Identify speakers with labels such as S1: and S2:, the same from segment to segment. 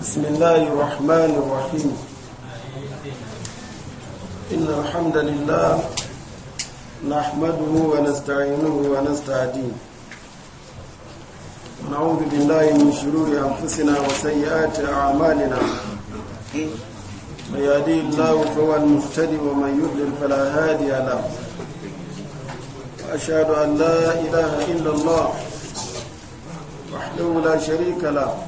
S1: بسم الله الرحمن الرحيم إن الحمد لله نحمده ونستعينه ونستهديه ونعوذ بالله من شرور أنفسنا وسيئات أعمالنا من يهدي الله فهو المهتدي ومن يضلل فلا هادي له وأشهد أن لا إله إلا الله وحده لا شريك له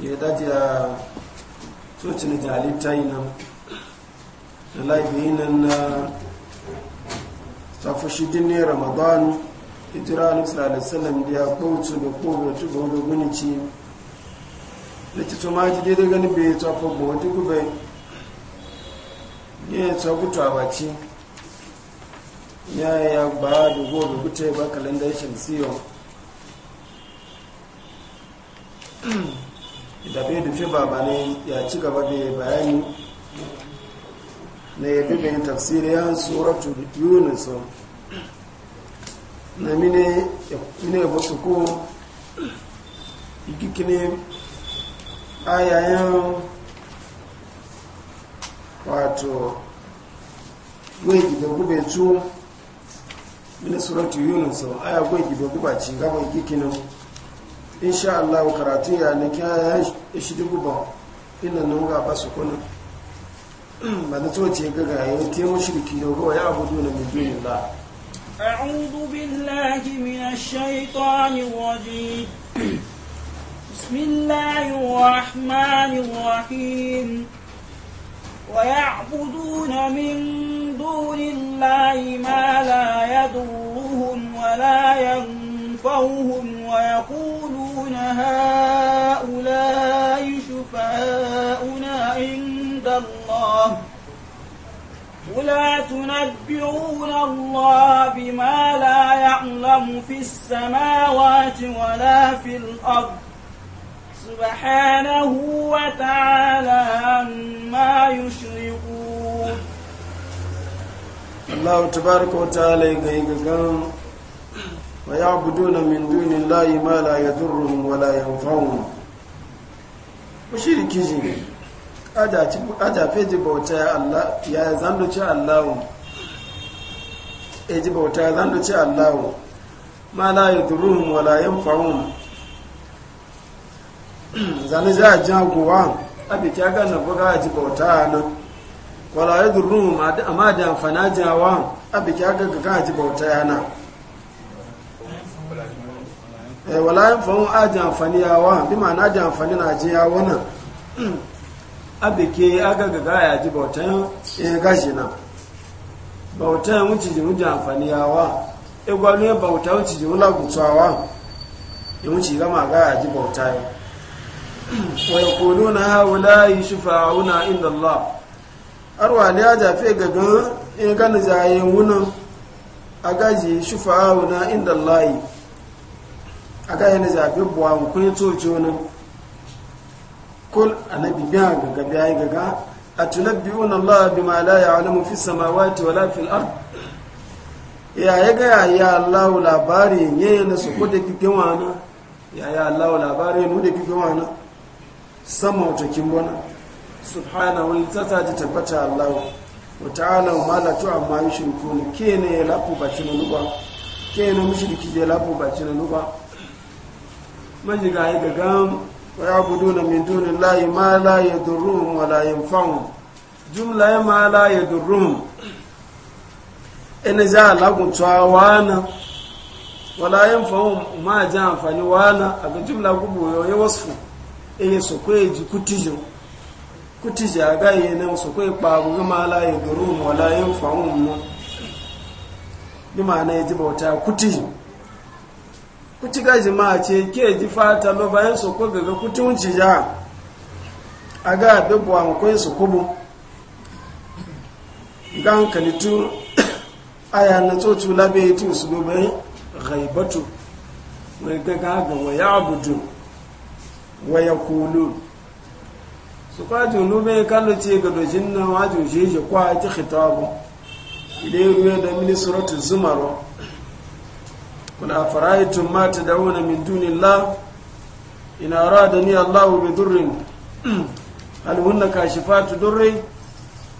S1: ya daji a cocin jalita yi nan da laifin nan na tafashidin ne ramadan ijira nufisar alisalam da ya kowace da kowace da wadda gunici da ci tuma ji daidai gani bai tafa ba wata gube ne ya tsagutu a baci ya ya ba da gobe gute ba kalandar siyo. da bai dufe babane ya ci gaba da bayani na ya bebe yin tafsiri ya suratu yunus na mine ya wasu ko ikikini ayayen wato gwai gibe gube cu mine suratu yunus aya gwai gibe guba ci gaba ikikinin in insha Allah karatu ya ne kya shi dubu ba ina nan ga ba su kuna ba na tsoce ga ga ya ke mushriki da ruwa ya abudu na min dunillah
S2: أعوذ
S3: بالله من الشيطان الرجيم بسم الله الرحمن الرحيم ويعبدون من دون الله ما لا يضرهم ولا ينفعهم يتوفوهم ويقولون هؤلاء شفعاؤنا عند الله ولا تنبئون الله بما لا يعلم في السماوات ولا في الأرض سبحانه وتعالى عما
S2: يشركون
S1: الله تبارك وتعالى يقول ويعبدون من دون الله ما لا يضرهم ولا ينفعهم mushriki ji ada fi ji bauta ya zanduci allahu e ji bauta ya zanduci allahu ma la yaduruhum wa la yanfa'uhum zane za a jagowa abi ta ga na buga ji bauta nan wala yaduruhum amma da amfana jawa abi ta ga ga ji bauta yana ewela eh, yin fawon ajin amfani bi ma na ajin amfani na ajin na. abike agagaga ya ji bautan yin eh, gashi na bautan wuce ji wuce amfani ya bauta wuce ji wula gutsawa gama aga ya ji bauta ya wa ya na haula yi shufa'una inda inda Allah aka yana zaɓe buwa kun yi tsoci wani kul na biya gaga biya gaga a wani Allah bi ma la mafi fi samawati wala fil ard ya ya ga ya Allah labari ne na su da kike wana ya ya Allah labari ne da kike wana sama to kin bona wani wa ta'ala ta tabbata Allah wa ta'ala ma la tu'amma yushrikun kene lafu bacin nuba kene mushriki je lafu bacin nuba majiga yi gagam wa ya budu na min duni layi ma la ya wa la yanfa'u jumla ya ma la ya durrum ina ja lagun tsawa wana wa la yanfa'u ma ja amfani wana a ga jumla gubu ya wasfu ina so ko ji kutijo kutijo a ga yi nan so ko ya kparu ma la ya wa la yanfa'u mu bi ma na ya ji bauta kutijo kuti gaji ma ce ke ji fata ba bayan su ko gaga kuti wunci ja a ga abin buwa makon su kubu ga hankali tu aya na tsotu labe tu su gobe ghaibatu mai gaga ga waya abudu waya kulu su kwajin nube kallo ce ga dojin na wajin shi shi kwa ta khitabu ile ruwa da mini suratun zumaro Kuna a mata da a wani abun tuni la, ina ra'a da ni Allahu bi durin, hal hulna kashi fa'a tu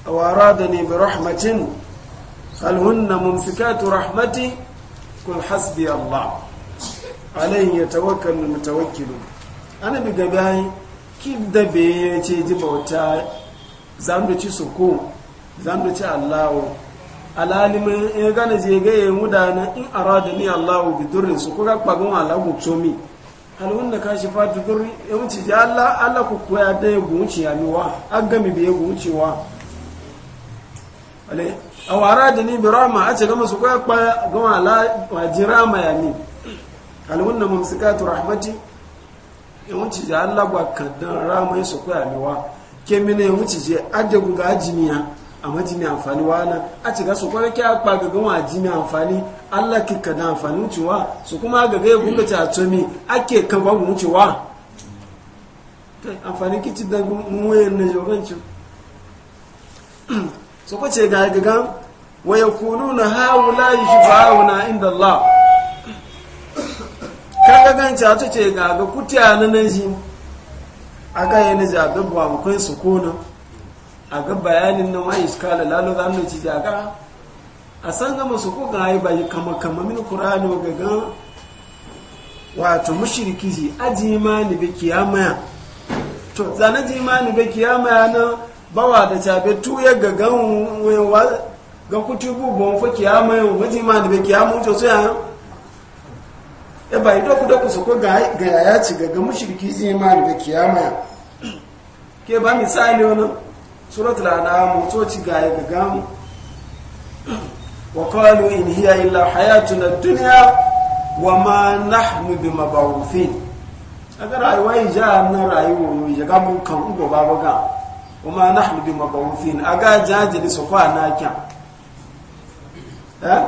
S1: a wara'a da ni bi rahmatin, hal mun fika tu rahmati, kun hasbi Allah. Alayhun ya ta wanka min ta wankinu. Ana mi gaban ki da biye ce jima'otai, zam du ci suku, zam du alalimin ya gane je ga yayin mudana in arada ni Allahu bi durrin su kuka kwagon Allah ku tsomi hal wanda ka shi fatu durri ya wuce ya Allah Allah ku koya da ya gunci ya miwa agami bi ya guncewa ale aw arada ni bi rahma ace gama su koya kwagon Allah wa jirama ya mi hal wanda mumsikatu rahmati ya wuce ya Allah gwa kadan ramai su koya miwa kemine ya wuce je ajagu ga ajimiya amma ji mai amfani wani a ci gasu kwanar kya kwa gaggan wa ji mai amfani allah kika na amfani wucewa su kuma gaggan ya gunga a tomi ake kan babu wucewa amfani kici da muwayen na jogancin su kwace ga gaggan waya kulu na haula layi shi ba na inda allah gaggan ci a tuce ga ga kutiya na nan shi a ga yana jabe buwa mukai su kona a ga bayanin nan wani iskala lalo za mu ci jaga a san gama su ko ga yi bayi kama kama min qur'ani ga ga wato mushriki ji aji ma ni be kiyama to zana ji ma ni be kiyama na bawa da tabe tu ya ga ga ga kutubu bon fa kiyama yo waji ma ni be kiyama to so ya e bayi doku doku su ko ga ga ya ci ga ga mushriki ji ma ni be kiyama ke ba misali wannan surat an'am to ci ga ga gamu wa qalu in hiya illa hayatuna dunya wa ma nahnu bimab'uthin aga rayuwa yi ja na rayuwa yi ja gamu mun kan ugo baba ga wa ma nahnu bimab'uthin aga jajili su sofa na kya eh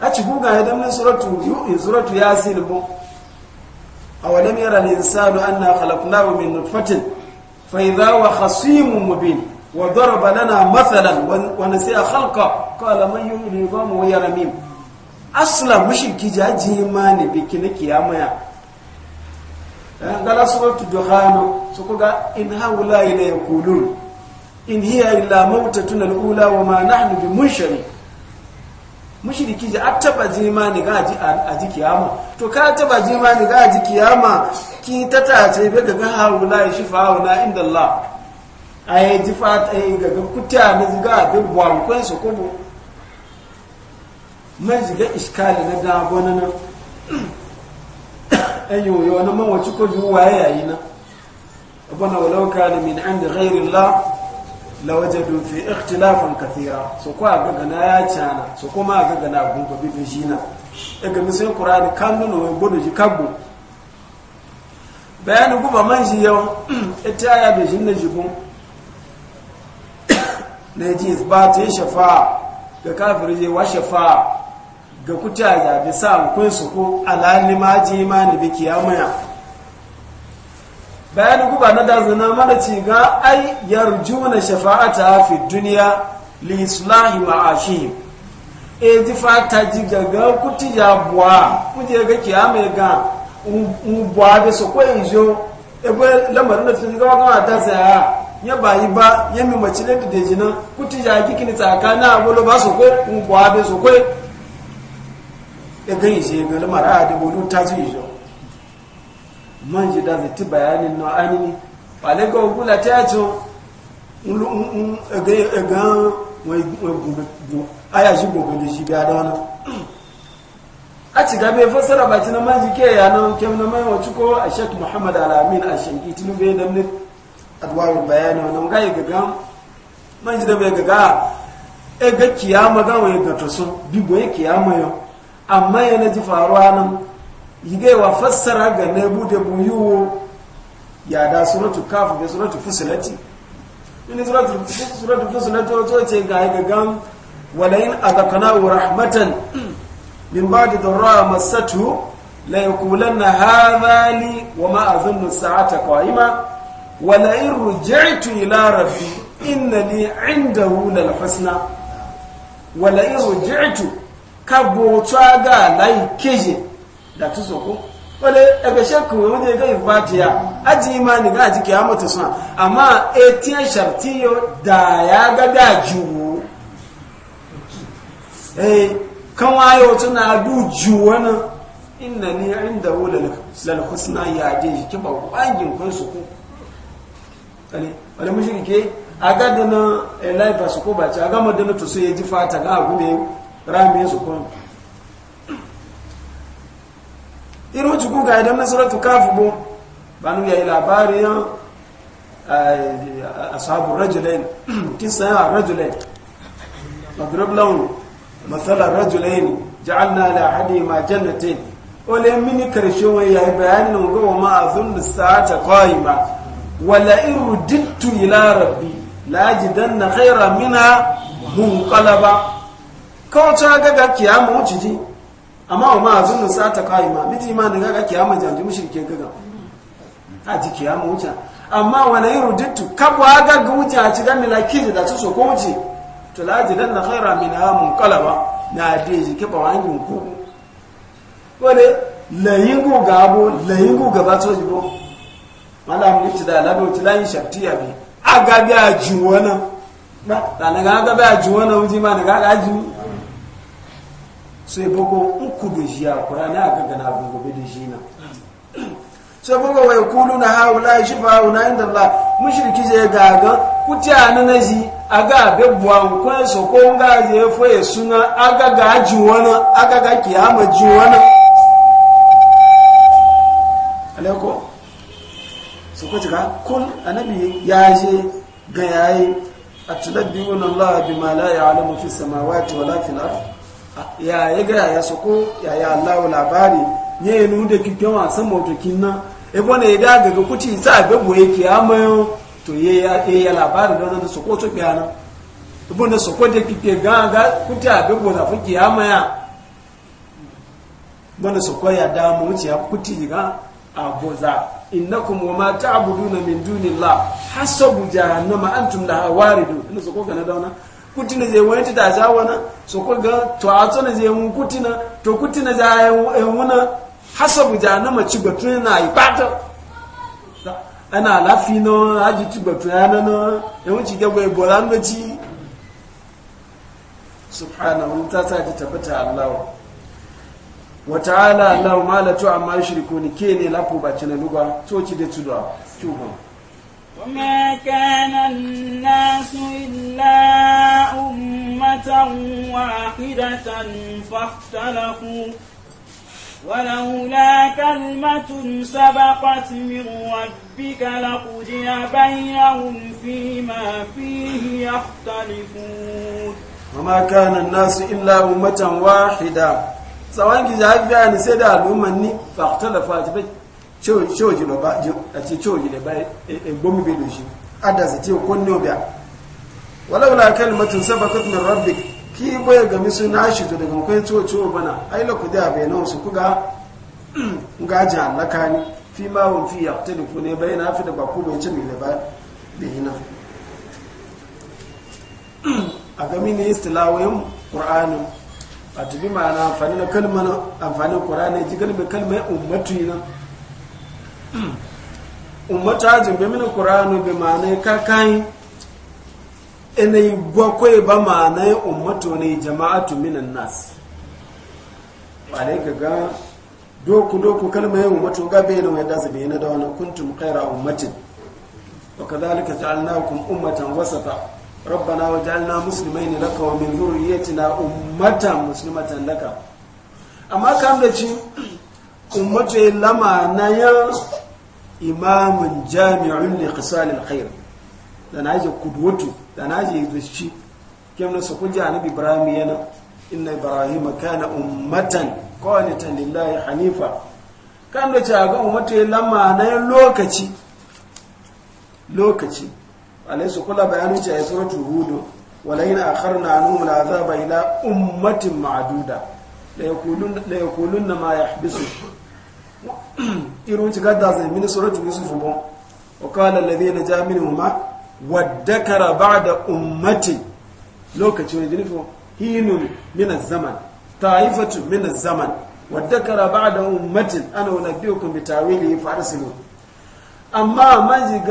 S1: a ci guga ya damin suratu yu'in suratu yasin bo awalam yara al-insanu anna khalaqnahu min nutfatin فإذا وخصيم مبين وضرب لنا مثلا ونسي خلقه قال من يؤلي ظام ويرميم رميم أصلا مشركي جاجي ماني بكنا كياما قال سورة الدخان سقوقا إن هؤلاء لا يقولون إن هي إلا موتتنا الأولى وما نحن بمنشرين mushriki ji a taba jima ni ga a ji kiyama to ka taba jima ni ga ji kiyama ki ta tace be ga haula shi fa haula inda Allah ai ji fa yi ga ga kutya na ji ga be bwan kun su kubu mai ji ga iskali na da gona na ayo yo na mawaci ko waye yayi na abana walau kana min inda ghairi Allah lawajadu fi ikhtilafan kathira so ko aga gana ya chana so kuma aga gana gun ko bibi jina daga misin qur'ani kan nuno we bodo ji bayani guba man shi yau ita ya da jinna jikun ne ji shafa ga kafiri je wa shafa ga kutaja bi sa kun su ko alalima ji ni bi kiyamaya bayan guba na da zina mana ce ga ai yarjuna shafa'ata fi duniya li islahi ma'ashi e ji fata ji gaga kuti ya buwa kuti ga kiyama ga ubuwa da su ko zo ebe lamarin da tun gawa gawa ta tsaya ya bayi ba ya mi mace da da jina kuti ya giki ni tsakani a bolo ba su ko ubuwa da su ko e ga yi shi ga lamarin a da bolo ta ji yanzu manji da zai bayanin na anini wale ga ogula ta yace egan aya shi gobe da shi biya da wani a ci gabe fassara ba ci na manji ke ya na kem na mai wacce ko a shek muhammad alamin a shanki tunu bai da mini adwawar bayani wani ga yi gaga manji da bai gaga e ga kiyama ga wani ga taso bibo ya kiyama yau amma yana ji faruwa nan wa fassara ga na bude buyuwo ya da suratu kafu da suratu fusilati ini suratu fusilati wato ce ga gagan walayin adakana wa rahmatan min ba da darra masatu laikulan na hadha li wa ma azunnu sa'ata qaima walayin rujaitu ila rabbi inna li indahu lal husna walayin rujaitu kabo tsaga lai keje da tu soko wale daga shakku wani daga ifatiya aji imani ga aji kiyamata suna amma etiyan shartiyo da ya ga da juwo eh kan wayo tuna du juwo nan inna ni inda wula lal husna ya je ki ba wangin kun su ko kale wale aga dana elai ba su ko aga madana to su fata ga abu ne irin wacce ga idan nasaratu kafu bu ba nu yayi labari yan ashabu rajulain kisa ya rajulain madrab lahum mathala rajulain ja'alna la hadima jannatin ole mini karshe wai yayi bayanin nan ga ma azun sa'ata qaima wala irudittu ila rabbi la kaira mina minha munqalaba ko ta ga ga kiyama wuce ji amma wa ma azun sa ta kai ma miji ma daga ga kiyama janji mushrike gaga a ji kiyama wuce amma wala yurditu kabwa ga wuce a ci ga milaki da su ko wuce to la na dan khaira min hamun qalaba na de ji ke bawa wangin ku wale layingu gabo layingu ba to jibo malam ni ci da labo ci lan shaftiya bi aga bi a ba da na ga ga bi ajuwana wuji ma daga ga ajuwana sai bugu uku da jiya qur'ani aga gana abin gobe da jina so ibogo wa yaquluna haula na inda Allah mushriki je gaga a na a ga abe buwa ko so ko nga je fo esuna aga ga jiwana aga ga kiyama wani aleko su ko tika kun anabi ya je ga yayi wani Allah ma la'ayi alamufi samawa ti wala fil ardi ya yi ga ya soko ya yi Allahu labari ne nu da kikkin wasan motokin nan e bona ya ga ga kuci za ga boye kiyama to ya yi ya labari don da su to nan ibu da soko da kike ga ganga kuci a ga boza fu kiyama ya bona suku ya damu wuce ya kuci ga a boza kuma wa ma ta'buduna min dunillah hasabu jahannama antum hawari waridun ina soko kana dauna kutina zai wani ta ta wana su ko to a tsona zai mun kutina to kutina za a yi wuna hasabu na ci batu na yi ibata ana lafi na haji ci batun yana no ya wuce ga bai bolan da ci subhanahu ta sa ji tabbata allawa wa ta'ala Allah ma la tu amma ni ke ne lafu ba na duba to ci da tudwa kyuhu
S3: وما كان الناس إلا أمة واحدة فاختلفوا ولولا كلمة سبقت من ربك لقضي بينهم فيما فيه
S2: يختلفون
S1: وما كان الناس إلا أمة واحدة سواء كذا يعني سيدة الأمة فاختلفت chooji loba ati chooji leba egbomu e, e, bi lushi adasi ti ko ne obia walau la kalimatun sabaqat min rabbik ki boye ga misu na shi to daga kai to to bana ai la kuda be na su kuga ga ja alaka ni fi ma won fi yaqtalifu ne bai na fi da ba ku bai ci mi leba da hina a ga mini istilawayin qur'anin a tubi ma'ana amfani na kalmar amfanin qur'ani ji kalmar kalmar ummatu na umata jin bimini kuranu bi ma'anai kakai inai gwakwai ba ma'anai umato ne jama'atu minan nas ba ne ga doku doku kalmai umato ga bai da wadda zabe na da wani kuntum kaira umatin wa ka zalika ja'alna kun umatan wasafa rabbana wa ja'alna musulmai ne laka wa min zuriyyati na umata musulmatan laka amma kam da ci umato ya lama na yau imamun jami'in ne khisalil khair da na je kudwatu da na je zuci kem na suku ji annabi ibrahim yana inna ibrahim kana ummatan qanitan lillahi hanifa kan da ta ga ummatu ya lamma na lokaci lokaci alaysa kula bayanin ta ya suratul hud walain akharna anhum al'azaba ila ummatin ma'duda la yaqulun la yaqulun ma yahbisu irin ci gadda zai mini suratun yusufu bon wa qala na ja minhuma waddakara da ummati lokaci wani dinfo hinun mina zaman ta'ifatu min az-zaman waddakara da ummati ana kan bi ta'wili fara sinu amma man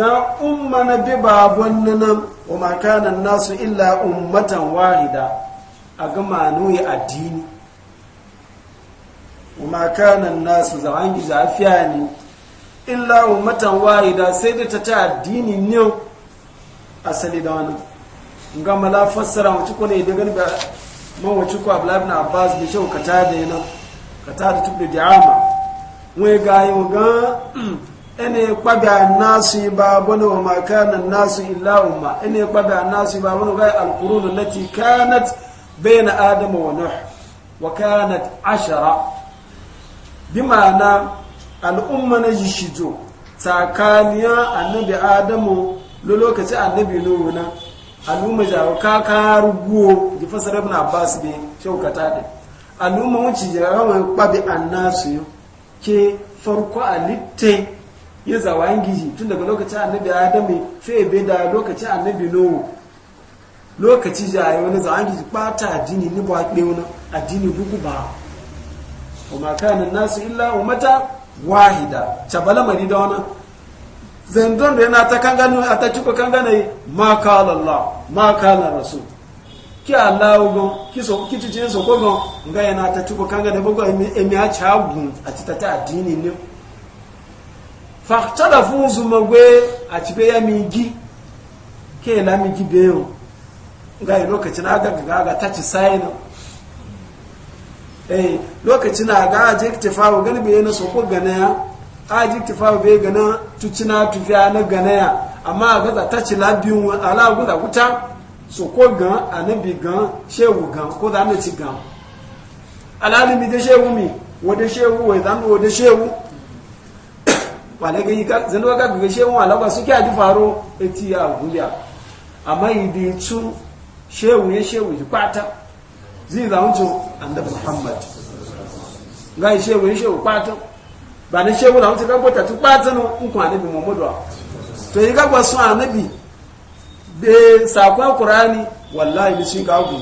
S1: umma na bi babon nan wa ma nasu illa ummatan wahida a ga nuyi addini وما كان الناس زعان زعفياني إلا أمة واحدة سيدة تتا الدين نيو أسلي دوانا نقام لا فسر وتكون يدقن ما وتكو أبلا ابن عباس بشو كتادينا كتاد تبدو دعامة ويقاي وقا ene kwaga nasu ba bane wa makana nasu illa umma ene kwaga nasu ba bane ga alqurun allati kanat bayna adama wa nuh wa kanat ashara bi ma'ana al'umma na ji shijo tsakaniyar annabi adamu lo lokaci annabi nuhu al'umma jawo kaka ruguwo ji fasara ibn abbas bi shaukata ɗin al'umma wuce jawo wani kwabi annasu yau ke farko a litte ya zawa giji tun daga lokaci annabi adamu sai bai da lokaci annabi nuhu lokaci jawo na zawa giji a jini ni ba a jini bugu ba wa kana an-nasu illa ummatan wahida tabala mari da wannan zendon da yana ta kangano a ta cikin kangano ma kala Allah ma kala rasul ki Allah go ki so ki cice so ko go ga yana ta cikin kangano bugo emi a cha gun a cita ta addini ne fa tada fuzu magwe a cibe ya mi gi ke la mi gi beo ga yi lokacin aga ga ga ta ci sai eh lokaci na ga aje tifawo galibi yana na ko gana ya aje tifawo bai gana tucina tufiya na gana ya amma ga ta ci labiyun ala guda kuta so ko gan anabi gan shehu gan ko za na ci gan alalimi da shehu mi wadda shehu wai zan wadda shehu wala yi yika zan ga ga shehu ala ba suke ji faro eti ya guya amma bi tu shehu ya shehu ji kwata zai za wuce anda muhammad ga ishe wani shehu kwato ba na wani na wuce gagbata tun kwato na nkwa annabi muhammadu to yi gagwa sun nabi be sakon kurani wallahi bi sun gagu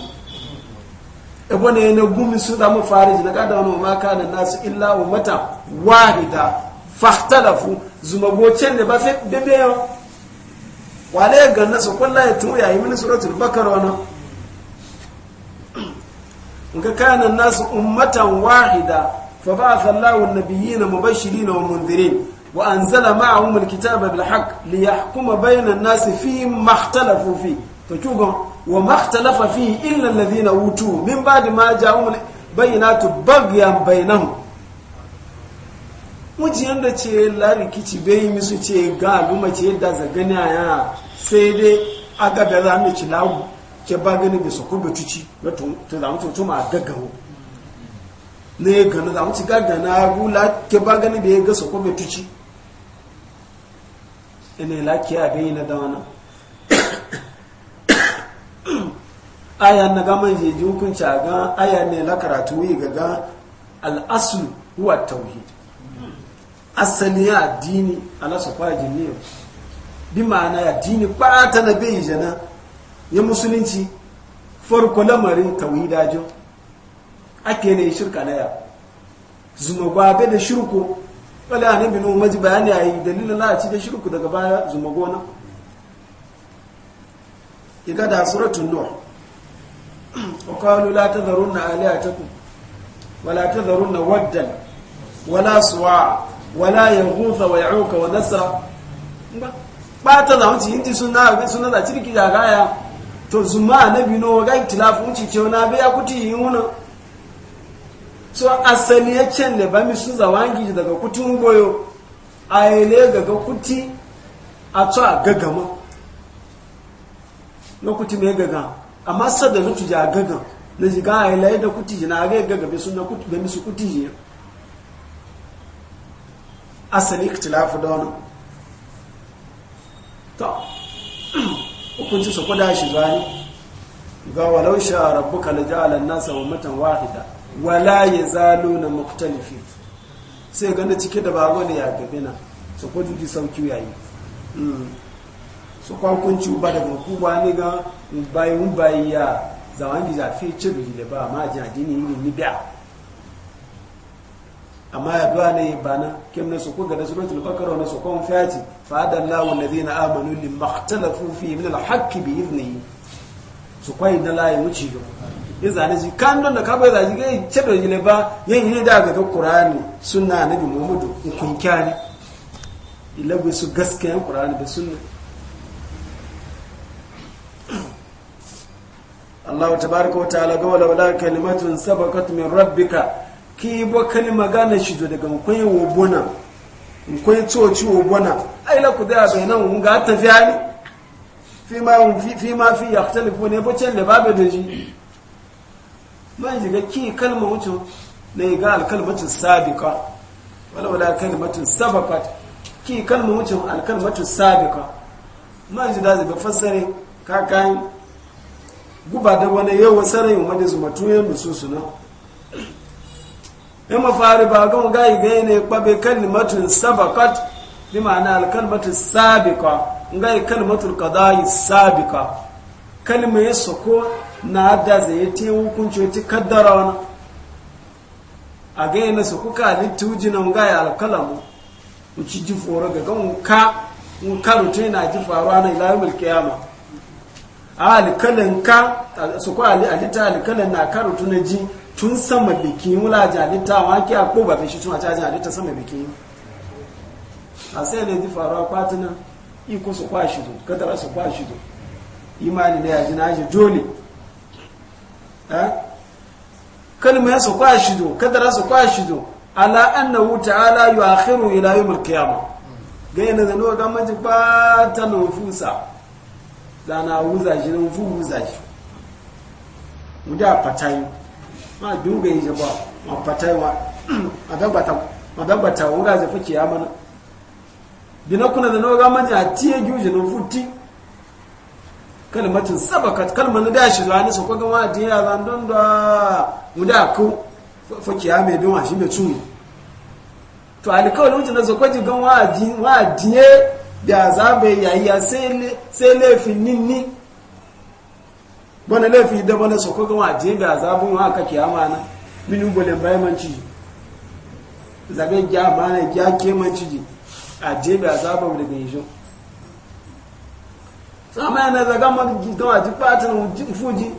S1: ebo ne na gumi su da mu na kada wani maka na nasu illa wa mata wahida fahtalafu zuma gocen da ba fe bebe yau wale ganna su kwallaye tun yayi mini suratul bakar wani ga kanan nasu ummatan wahida fa ba'atha Allahu an-nabiyina mubashirin wa mundirin wa anzala ma'ahum al-kitaba bil haqq li yahkuma bayna an-nasi fi ma ikhtalafu fi to wa ma ikhtalafa fi illa alladhina utu min ba'di ma ja'ahum bayyinatu baghyan bainahum mujiyan da ce la rikici bai musu ce ga al'umma ce da zagana ya sai dai aga da zamu ci lawo ke ba gani bi sokun bi cuci na tun za mu to ma gaggawo ne ga na za mu ci na gula ke ba gani bi ga sokun bi cuci ina la a bayi na dawana wannan aya na gama man ji hukunci ga aya ne na karatu yi ga ga al huwa tauhi asali ya addini ala sokwa jiniyo bi ma'ana dini kwata na bayi jana ya musulunci farko lamarin dajo ake ne shirka daya zuma gwabe da shirku wala annabi nu ji bayani ayi dalilin la ci da shirku daga baya zuma na iga da suratul nuh wa qalu la tadharunna alihatakum wala tadharunna waddan wala suwa wala yaghutha wa ya'uka wa nasra ba ta da ci inji sunna sunna da cikin jagaya to zuma anabi no ga itilafin ce na bai ya kuti yi wuna so asali ya can da ba mi su zawangi daga kutun goyo a ile gaga kuti a to a gagama na kuti mai gaga amma sada na tuja gaga na jiga a ile da kuti jina ga gaga bai suna kuti bai misu kuti jiya asali itilafin da wani to hukunci su kuda shi zai ga walau sha rabbuka la ja'ala an-nasa ummatan wahida wala na mukhtalifin sai gane cike da bago ne ya gabi na su kudu ji sauki yayi hmm. su kwakunci ba daga hukuma ne ga bayan bayi ya zawon gizafi cibi da ba ma jadini ne ni biya amma ya duwa ne ba na kim na suku ga da suratul bakara na sukun fati fa na alladhina amanu makhtala fufi min alhaki bi idnihi su kwayi na layi wuce ga ya zane shi kan don da kaba ya zaji gai ce da yi ba yin yi da ga na bi muhudu in kunkya ne ilabi su gaskiya qur'ani da suna Allah tabaraka wa ta'ala ga wala kalimatun sabaqat min rabbika ki yi bakani magana shi daga mkwai Wabona, bona mkwai tsoci wo bona ai la ku da nan wun ga ta fi ani fi ma fi ya fi yaktalifu ne bacin da babu da ji man ga ki wucin na yi ga alkalmatin sabika wala wala kalmatin sabaqat ki kalma wucin alkalmatin sabika man ji da fassare kakan guba da wani yawan sarai wanda zuma musu nususu ya mafari ba ga mu gayi gayi ne kwabe kalmatun sabakat bi ma'ana alkalmatu sabika ngai kalmatul qada'i sabika kalma ya soko na da zai te hukunci ti kaddara wani. a gayi na soko ka lituji na ngai alkalamu mu ci ji foro ga gan ka mu karu te na ji faruwa na ilayul A alkalin ka soko alita alkalin na karuta na ji tun sama bikin wula jalita wanki a ko ba fi shi tun a cajin jadita sama bikin a sai ne ji faruwa kwatina iko su kwa shi do katara su kwa shi do imani da yaji naji dole eh? kalma ya su kwa shi do katara su kwa shi do ala annahu ta'ala yu'akhiru ila yawm al-qiyamah ga yana da no ga maji ba ta nufusa da na wuza shi wufu wuza shi mu ma dunga yi jaba ma fatai wa adagbata adagbata wuga ze fuki ya mana bina da noga manja a tiye guje na futi kalmatin sabakat kalman da shi zuwa ne so ko ga ma zan don da muda ku fuki ya me bin wa shi tuni to alkawal wuce na zakwaji gan wa diye bi azabe yayi sai laifin ninni bana laifi da bana su kuka wa je ga zabun wa aka kiyama na min ubole bayan manci zabe ja bana ja ke manci ji a je ga zabun da bin jo
S2: sama na zaga
S1: ma ga ji fatan fuji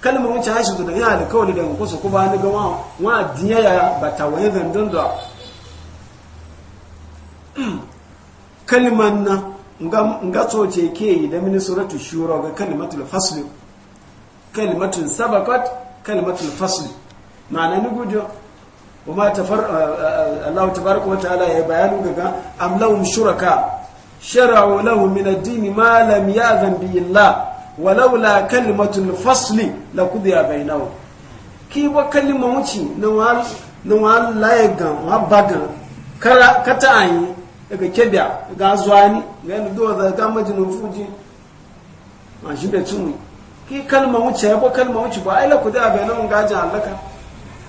S1: kalma wuce hashi da yana da kawai da ko su ku ba ni ga wa wa diya ya bata wani zandun da kalman na nga tsoce ke da mini suratu shura ga kalmatul fasl kalimatun sabakat kalimatun fasli ma'ana ni gujo wa ma tafar Allah tabaraka wa ta'ala ya bayanu gaga am lahum shuraka shara'u lahum min ad-din ma lam ya'zan bi Allah wa laula kalimatun fasli la laqudiya bainahu ki wa kalimawci na wal la ya ga wa baga kara kata ayi daga kebya ga zuwani ga do da ga majinu fuji ma shi da tuni ki kalma wuce ko kalma wuce ba aila ku da bai nan gajin allaka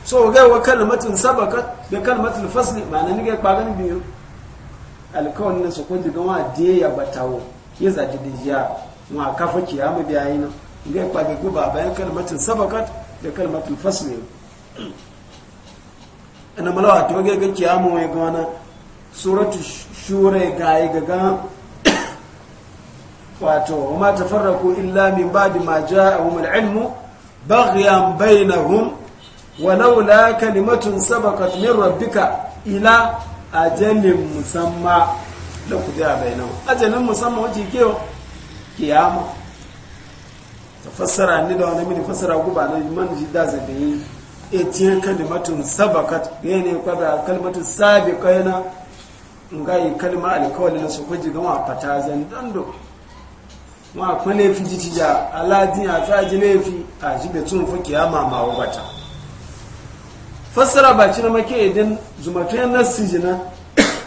S1: so ga wa kalmatin sabaka da kalmatin fasli ba nan ga kwagan biyu alkawun nan su kunji ga wa de ya batawo ki zaji jiya wa kafa kiyama da yayin ga kwaga guba bayan kalmatin sabaka da kalmatin fasli ana malawa to ga ga kiyama wai ga wannan suratu shura ga ga wato ma tafarraku illa min ba'di ma ja'ahum al-ilmu baghyan bainahum walaula kalimatun sabaqat min rabbika ila ajalin musamma da kudiya bainahum ajalin musamma wace ke kiyama tafassara ni da wani mini fassara guba na man ji da zabi etiyan kalimatun sabaqat yana kwada kalimatun sabiqa yana ngai kalma alkawali na su kuji gama fatazan dando wọn àpọ́n léèfì jíjíjà aládín àfáàjí léèfì àjíbẹ̀ tún fún kìí àmà àmà àwọn bàtà fassara baci na make idan zumatuyan nassi jina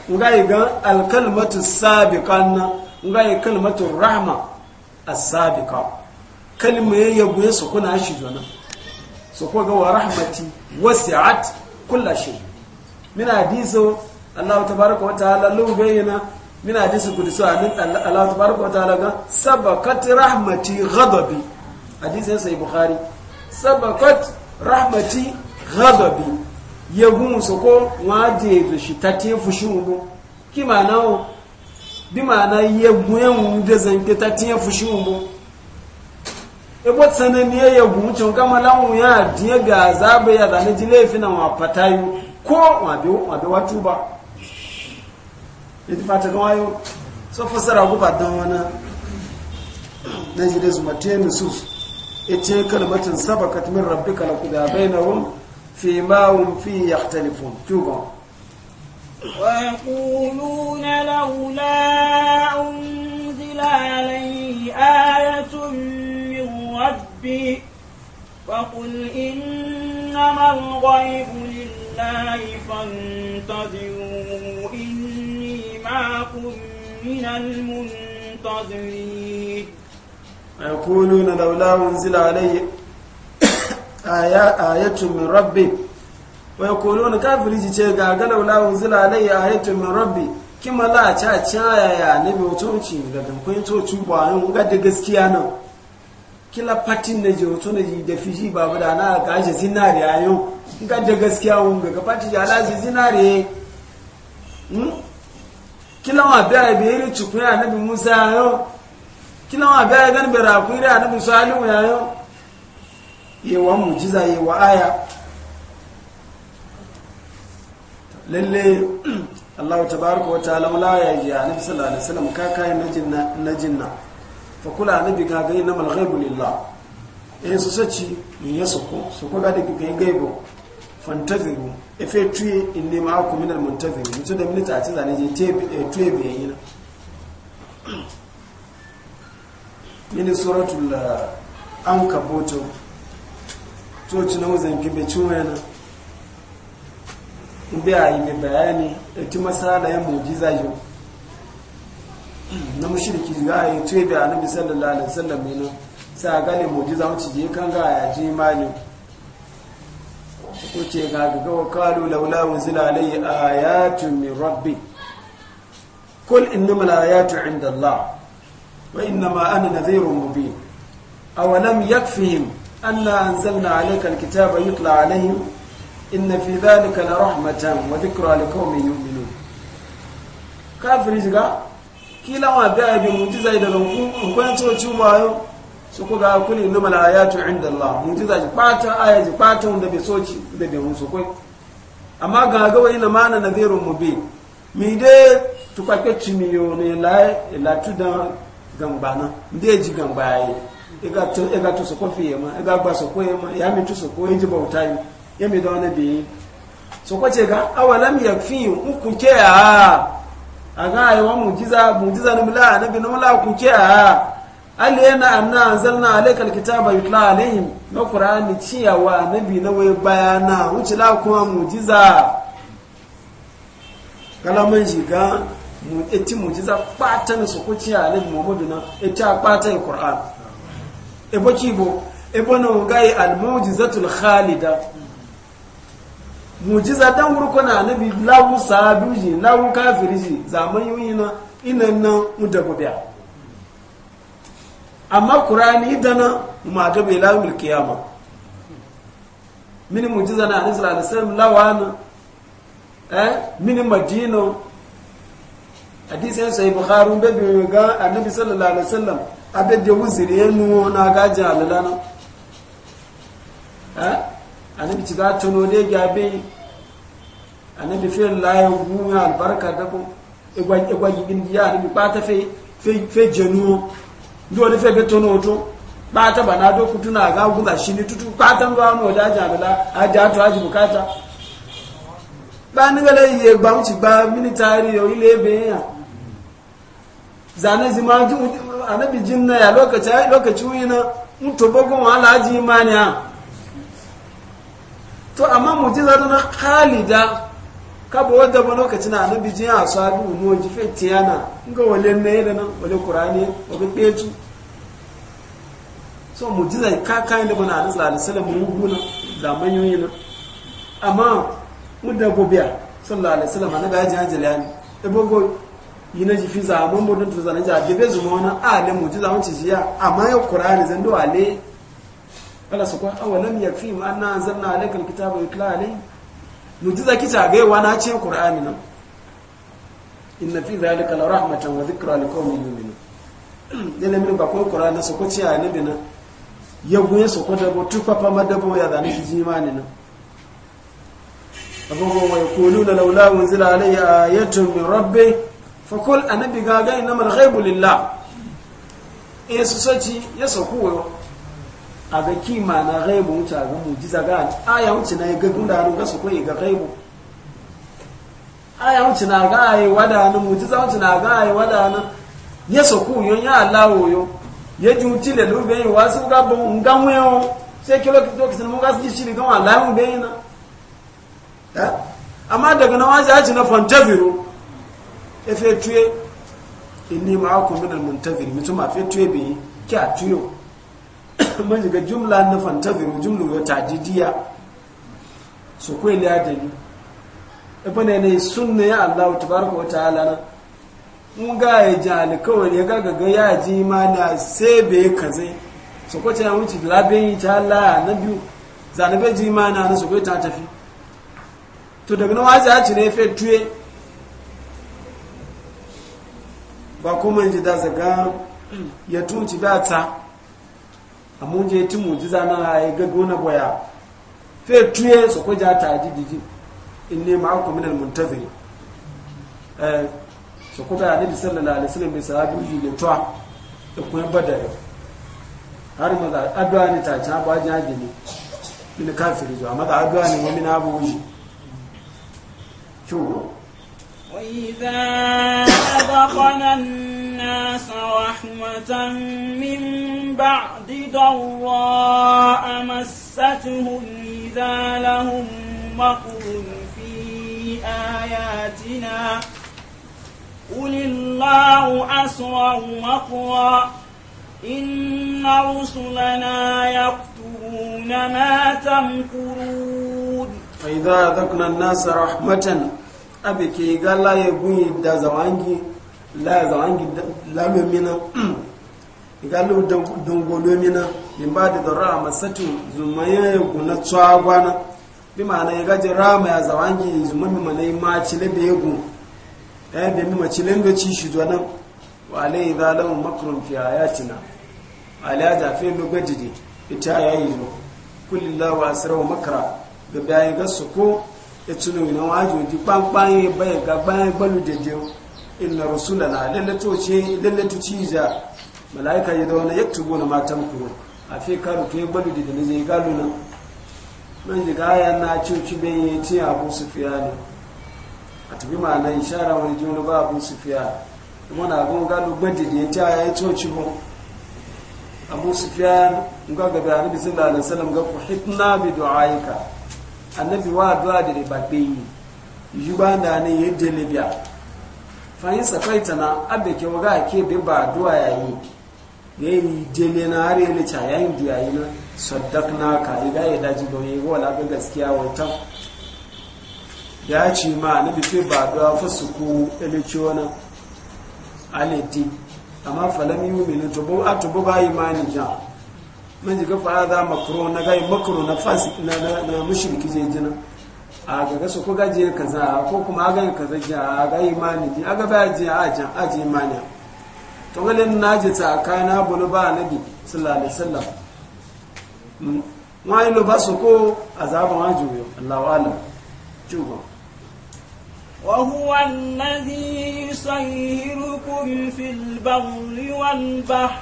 S1: ń gáyì gan alkalmatu sabiqa na nga yi kalmatu rahma as-sabiqa kalma ya yabo ya su kuna shi jona su ko ga wa rahmati wasi'at kullu shay min hadisu Allah tabaaraka wa ta'ala lu náà min hadisi kudusu amin Allah tabaraka wa ta ga sabakat rahmati ghadabi hadisi ne sai bukhari sabakat rahmati ghadabi yagun so ko waje da shi ta tefu shi mu ki mana o bi mana yagun yagun da zan ke ta mu e ya yagun tun kama ya diye ga zaba ya da ko wa bi watuba ya ti fata gawa yau so fasara don wani na jide su matiyar sus ya ce kalmatin sabakat katimin rabbi kalaku da bainarun fi ma'un fi ya telefon cuban
S3: فقل إنما الغيب لله معكم من
S1: المنتظرين ويقولون لولا أنزل عليه آية من ربي ويقولون كافر يجي قال لولا أنزل عليه آية من ربي kima la ca caya ya ne bai a ci da gankwai to ci ba yin ga da gaskiya nan kila patin da je wato ji da fiji babu da na ga shi zinare ayo ga da gaskiya wun ga patin ya la zinare hmm kila wa bia bi iri tukun ya nabi musa yo kila wa bia gan bi ra kuire ya nabi salihu ya yo ye wa mujiza ye wa aya lalle Allah tabaraka wa ta'ala mala ya ji annabi sallallahu alaihi wasallam ka kai na jinna na jinna fa kula bi ga ga inna mal ghaibu lillah eh so sace ni ya soko soko ga da kai gaibo fantaziru efe tuye in nema haku minar montaziru mutu da minita a ci zane je tuye eh, biya yi na yini suratul eh, an kaboto coci na wuzan kibe ciwon bai a yi mai bayani eh, masa da ya mujiza yau na mushirki ga yi tuye biya na bisallallahu alaihi wasallam ne sai a gane mujiza wuce je kan ga yaji imani su ce ga ga gawa laula wuzila alayhi ayatun min rabbi kul innama ayatu inda Allah wa innama ana nadhirun mubin awalam yakfihim anna anzalna alayka alkitaba yutla alayhim inna fi dhalika la rahmatan wa dhikra liqaumin yu'minun kafiri shiga kila wa ga bi mujiza da ku kun so ci su ku ga kulli innamal ayatu inda Allah mu'jiza ji bata aya ji bata wanda bai soci da bai musu kai amma ga ga wai na mana nadhirun mubin mi de tukake cimiyo ne la la tudan gambana nde ji gambaye ega to ega to so kofi ma ega gba so ko ma ya mi to so ko eji bautai ya mi da wani bi so ko ce ga awalam yakfi ukunke a aga ayi wa mu'jiza mu'jiza ne mula nabi ne mula kunke a yana anna anzalna alaykal kitaba yutla alayhim na qur'ani ciyawa nabi na wai bayana wuce la kuma mujiza kalaman shiga mu eti mujiza patan su kuci ciya alayhi muhammadu na eti a patan qur'an ebo kibo ebo na gai al mujizatul khalida mujiza dan wurko na nabi lawu saduji lawu kafirji zaman yuyina inan nan mudabbiya amma qur'ani dana ma ga bai la kiyama mini mujiza na isra da sai wasallam lawana eh mini madino hadisi sai bukhari da bi ga annabi sallallahu alaihi wasallam abe da wuzire nu na ga jalalana eh annabi ci ga tuno de ga be annabi fe laye gu albarka da ko igwa igwa gidin ya annabi ba ta fe fe jenu ndi wani febe oto bata bana do kutuna ga guza shi ni tutu bata ndo anu oja jabela aja to aji bukata ba ni gba yo ile ya zane zima anabi jinna ya lokaci lokaci wina mutu bogon wala aji imani to amma mujiza na khalida kabo wadda ba lokaci na annabi jin a sadu no ji fetti yana nga wale ne da nan wale qur'ani wale betu so mu mujiza ka kan da bana annabi sallallahu alaihi wasallam mu da manyoyi na amma mu da gobiya sallallahu alaihi wasallam annabi ya ji hanjali yani e bogo na ji fiza amma mudun to zanan ja de zuma mona a le mujiza mun ci ya amma ya qur'ani zan do ale Allah su kwa awalam yakfim anna anzalna alaykal kitaba yutla alayhi mujiza kita ga yawa na ce qur'ani nan inna fi zalika la rahmatan wa dhikra liqaumin yu'minun dene min ba ko qur'ani so ko ce ne ya yabu yeso ko da botu papa madabo ya zani ni imani nan abubuwan wa yakuluna laula unzila alayya ayatun min rabbi fa kul anabi ga ga innamal ghaibu lillah e su ci ya so wayo a ga kima na gaibu wuce a ga mujiza ga aya wuce na ga gunda ga su koyi ga gaibu aya wuce na ga ayi wada na mujiza wuce na ga ayi wada na ya ku yo ya lawo yo ya le da be wa wasu ga nga ga wewo se kilo ki sun mu ga su ji shi ga be na bayyana eh? amma daga na waje aji na fantabiro efe tuye inni ma'akum min al-muntazir mutum afe tue bi ki tuyo man ga jumla na fantaziru jumla ya tajidiya su kwai da dali ibane ne sunna ya Allah tabaraka wata ta'ala na mun ga ya ji alkawari ya ga ga ya ji mana sai bai kazai su kwace ya wuce labin ta Allah na biyu zanabe ji mana na su kwai ta tafi to daga nawa ji haci ci ne fe tuye ba kuma ji da zaga ya tuci da ta amma je ti mujiza na ya ga gona boya fe tuye su ko ja ta ji didi in ne ma ku minal muntazir eh su ko da annabi sallallahu alaihi wasallam bai sahabi ji le twa da e ku bada ya har ma da addu'a ne ta ci ba ja gini min kafiri zo amma da addu'a ne wani na abu wuji shuru
S3: وإذا الناس رحمة من بعد ضراء مستهم إذا لهم مكر في آياتنا قل الله أسرع مقرا إن رسلنا يكتبون ما تمكرون
S1: فإذا ذقنا الناس رحمة أبكي قال لا يبوي الدزوانجي la za wangi lalo mina ga lu dongo lo mina min ba da dara masatu zumaya guna tsagwa na bi ma na ga jira ma ya za wangi zumami ma ne ma cile da yego eh da mi ma cile ndo ci shi dona wa alai zalam makrun fi ayatina ala ja fe lo gajidi ita yayi zo kulillahu asra wa makra ga bayi ga su ko ya tuno ina wajo di pampan ye bayi ga bayi gbalu dedewo inna rusulana lallatu ce za malaika ya da wani yaktubu na matan kuro a fi karu to ya balu da ne zai galu nan man ji gaya na cuci bin yi ci abu fiya ne a tafi ma'ana ishara wani jini ba abu sufiya kuma na gun galu gbadi da ya ci a ya cuci mu abu sufiya ga gaba ya nabi sallallahu alaihi wasallam ga ku hitna bi du'aika annabi wa du'a da ba yi yuba na ne yadda biya. fahim safaita na abe ke waga ake bi ba duwa yayi ya yi jele na har yi lica yayin da yayi na saddak na ka ga yi daji don yi wala ga gaskiya wata ya ce ma na bife ba duwa fa su ku ilici wani alidi amma falami mumini tubo a tubo ba yi mani jan man jiga fa za makro na gai makro na fasi na mushriki je jina a gaga su kuga je kaza ko kuma aga yin kaza ji a ga imani ji aga ba je a jan aji imani to gani na ji tsakana bulu ba bi sallallahu sallam wasallam mm, wani lo ba su ko a azaba wa juyo Allahu alam jugo
S3: وهو الذي يسيركم في البر والبحر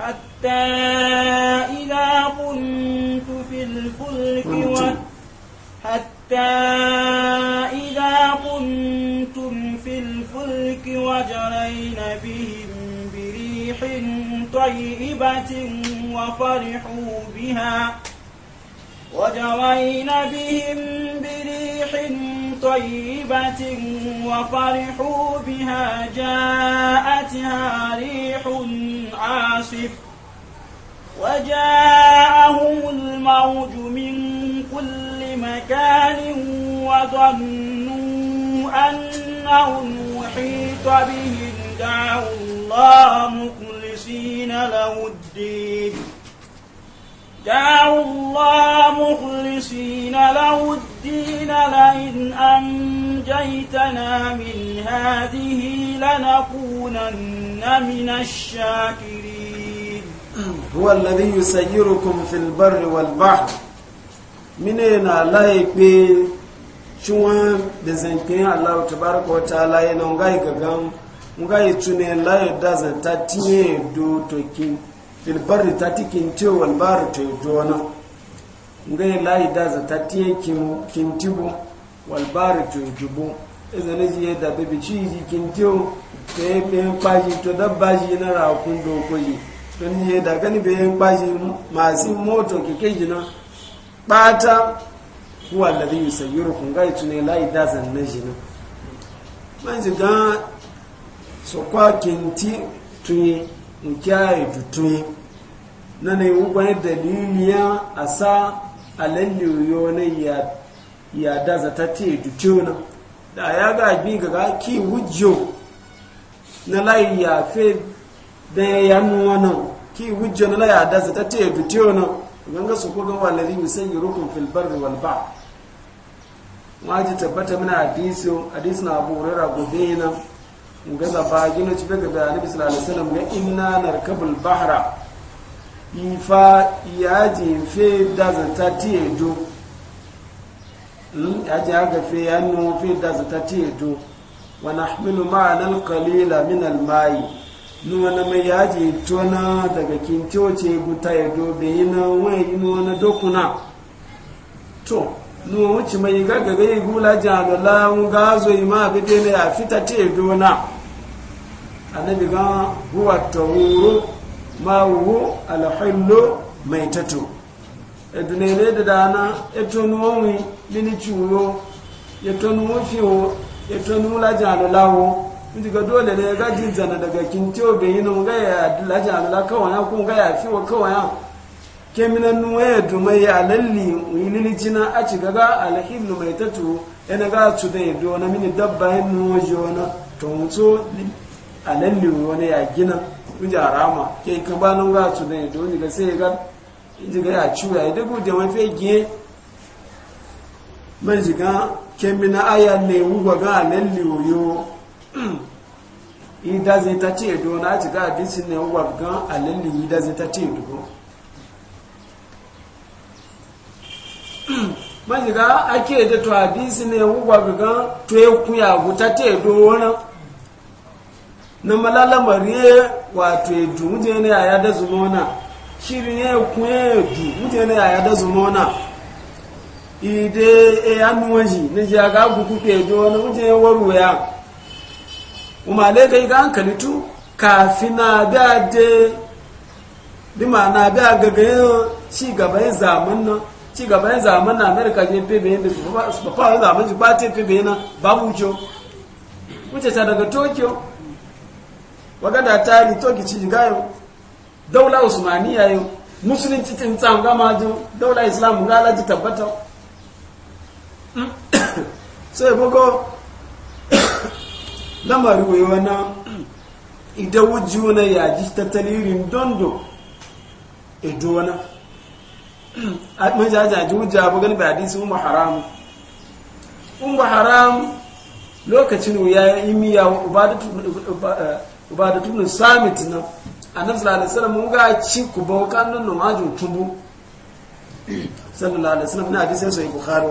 S3: حتى إذا كنت في الفلك حتى إذا كنتم في الفلك وجرين بهم بريح طيبة وفرحوا بها وجرين بهم بريح طيبة وفرحوا بها جاءتها ريح عاصف وجاءهم الموج من كل مكان وظنوا أنهم أحيط بهم دعوا الله مخلصين له الدين دعوا الله مخلصين له الدين لئن أنجيتنا من هذه لنكونن من الشاكرين
S1: هو الذي يسيركم في البر والبحر mine na laye pe ciwon da zankin Allah ta baraka wata laye na ngai gagan ngai tune laye da ta tiye do toki filbar ta tikin ce walbar ta jona ngai laye da ta tiye kim kim tibu walbar ta jubu ne ji da bebe ci ji kin tiyo ta yi pe kwaji to dabba baji na rakun dokoji don ne da gani be kwaji masu moto keke jina bata huwa alladhi yusayyirukum ga tune la idazan najin manji da so kwa kinti tuyi nkiyaye tutuyi na ne wani dalili ya asa alalli yone ya ya daza ta te tutuyi na da ya ga bi ga ki wujjo na layi ya fe da ya nuwa nan ki wujjo na lai ya daza ta te tutuyi na ganga su kuga wallazi musayyirukum fil barri wal bahr waji tabbata muna hadisi hadisi na Abu rara gobe na ga da gina ci daga da Annabi sallallahu alaihi wasallam ga inna narkabul bahra ifa ji fe da zata tiye do hmm, yaji aga fe nuna fe da zata tiye do wa nahmilu ma'ana Ma'anar kalila min almayi. nuwa na mai yaji tona daga kintoce guta ya dobe yi na wani yi na dokuna to nuwa wuce mai gagaga yi gula jalola ga zo yi ma bide na ya fita te dona annabi ga huwa wuro ma wuwo alhillu mai tato edunere da dana etonu onwi mini chuyo etonu ofiwo etonu la jalola wo ndiga dole ne ga jin zana daga kintiyo be yin ga ya laja la kawai ko ga ya fi wa kawai ke minan nuwa ya dumai ya lalli wilili jina a ci gaga alhibnu mai tatu na ga su da ya dona mini dabba yin nuwa jona to mutu a lalli wani ya gina kuja rama ke ka ba nan ga su da ya doni ga sai ga jiga ya ciwa ya dago da mafi gie man jiga ke mina aya ne wuga ga lalli wuyo idazin ta ce do na ci ga hadisin ne wa gan alalli idazin ta ce do man ga ake da to hadisi ne wa gan to ya kuya guta ce do wona na malala mariye wato ya du mutane ne aya yada zumona shirin ya kuya du mutane ne aya yada zumona ide e anuwaji ne ji aga gugu ke do wona mutane waruwa umale ga ga hankali tu kafin na da de dima na da gaga ci gaban zaman nan ci gaban zaman na amerika je pebe da su ba su fa ji te pebe na ba mu jo wuce ta daga tokyo wadanda ta yi toki ci gayo daula ya yo musulunci tin tsan gama jo daula islam ga alaji tabbata so e lamari wai wani idan ya ji ta talirin dondo ido wani mun jajaji abu gani ba hadisi umar haram umar haram lokacin wuya yi miya ubadatunan samit na a sallallahu alaihi wasallam mun ga ci ku ba kan nan majin tubu sallallahu alaihi wasallam na hadisi sai bukhari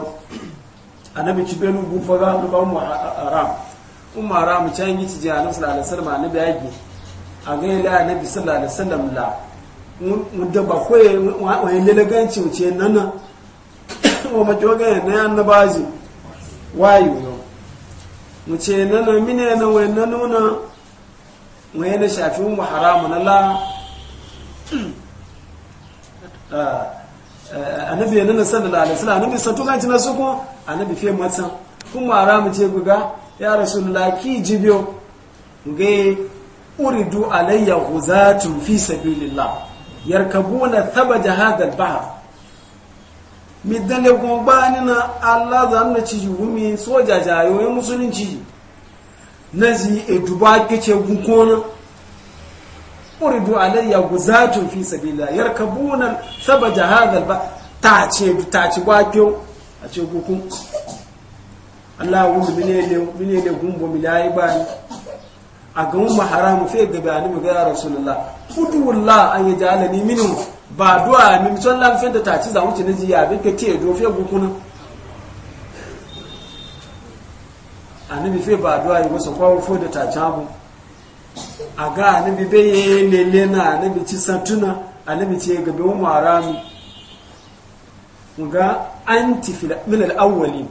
S1: annabi ci benu bu faga ba mu haram umara mu can yi cije annabi sallallahu alaihi wasallam annabi yagi a ga na annabi sallallahu alaihi wasallam la mu da ba ko wa yin leleganci mu ce nan nan wa ma joga ne annabaji wayu yo mu ce nan nan mine na wa nan nuna mu yana shafi mu haramu na la ah, eh, annabi ya na sallallahu alaihi wasallam annabi santukan ci na suko annabi fe matsan kuma mu ce guga ya rasulullah ki jibiyo ga uridu alayya huzatun fi sabilillah yarkabuna thabaja hadha al-bahr midane nina na za zanna ci ji wumi soja jayo ya musulunci nazi eduba kece gukona uridu alayya huzatun fi sabilillah yarkabuna thabaja hadha al-bahr ta ce ta ci gwakyo a ce gukun Allah wuri mine ne gumbo yi bani a ga mu haramu fe gaba ani mu ga ya rasulullah fuduwullah an yi ni minu ba duwa min son lan fe da taci za wuce ji ya bin ka ce do fe gukuna annabi fe ba duwa yi wasu kwawo fo da taci abu a ga annabi ne lele na annabi ci santuna annabi ce gaba mu haramu ga anti fil min al-awwalin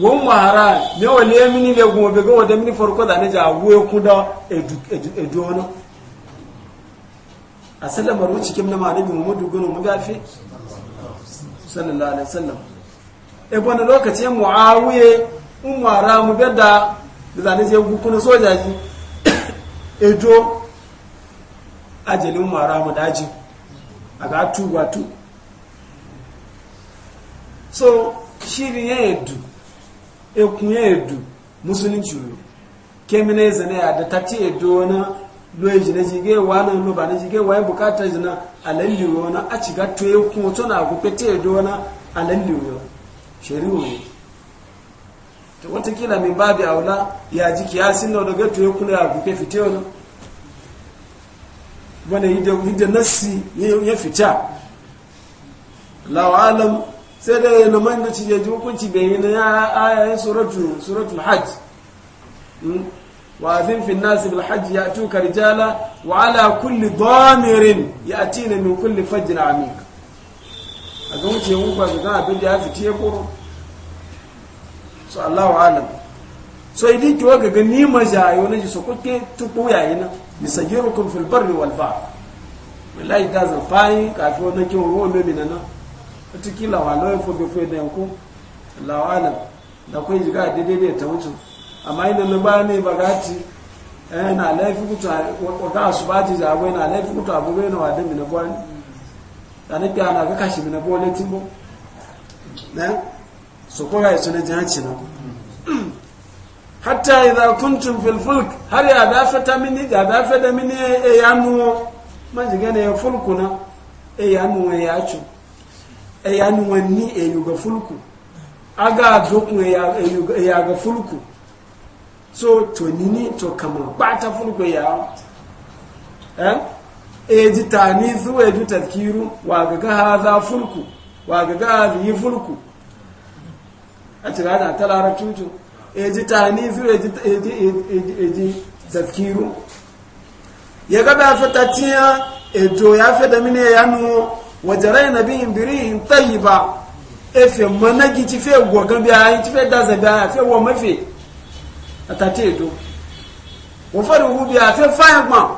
S1: wọn mara ne wani ya mini ne kuma bai gawa da mini farko da naja wuye ku edu wani a sallama ruci kim na ma'ana bi muhammadu gano mu gafe sallallahu alaihi wasallam e bana lokaci muawiye umara mu beda da zane je gukuna sojaji edo ajalin umara mu daji a ga tu so shirin ya edu ekun edu musulunci yo kemina ya zane da adata ce edu wani loji na jige wani loba na jige wani bukata jina alalli wani a ciga to ya kun to na gufe ta edu wani alalli wani shari'u ne to watakila min babi aula ya ji kiyasin na daga to ya kuna ya gufe fite wani wani hidda nasi ya fita lawa alam sai da yana man da ya ji hukunci bai yi na aya suratu suratul hajj hmm? wa zin fi nasi bil hajj ya tuka jala, wa ala kulli damirin ya tina min kulli fajjin amin a ga wuce mun ba ga abin da ya fi ko so Allahu alam so idi ki waga ga ni ma jayo ne so kuke tuku yayi na misagirukum fil barri wal bahr wallahi da zan fayi kafin wannan kin ruwa mai nan. watakila wa lawyer fobe fobe da yanku lawalan da kwai jiga daidai da ta wuce amma inda lamba ne bagati eh na laifi kutu wa ga su bati za abai na laifi kutu abu bai na wadan mina bwani da na biya na ga kashi mina bwani timbo na so ko ga sunan jihanci na hatta idza kuntum fil fulk har ya dafata mini ga da mini e nuwo. man jiga ne fulkuna e eh, yanuwo ya ci eyani wanni eyuga fulku aga zokun eyuga fulku so to nini to kama bata fulku ya eh eji tanizu eji tadkiru wa gaga hadha fulku wa gaga hadhi fulku a cira da talara tutu eji tanizu eji eji tadkiru ya gaba fata tiya ejo ya fada mine ya nuwo wajaraina bihim birihim tayyiba efe managi ti fe gwogan bi ayin ti fe daza bi ayin fe wo mafe atate edo wo fari wu bi afe fayin gbọn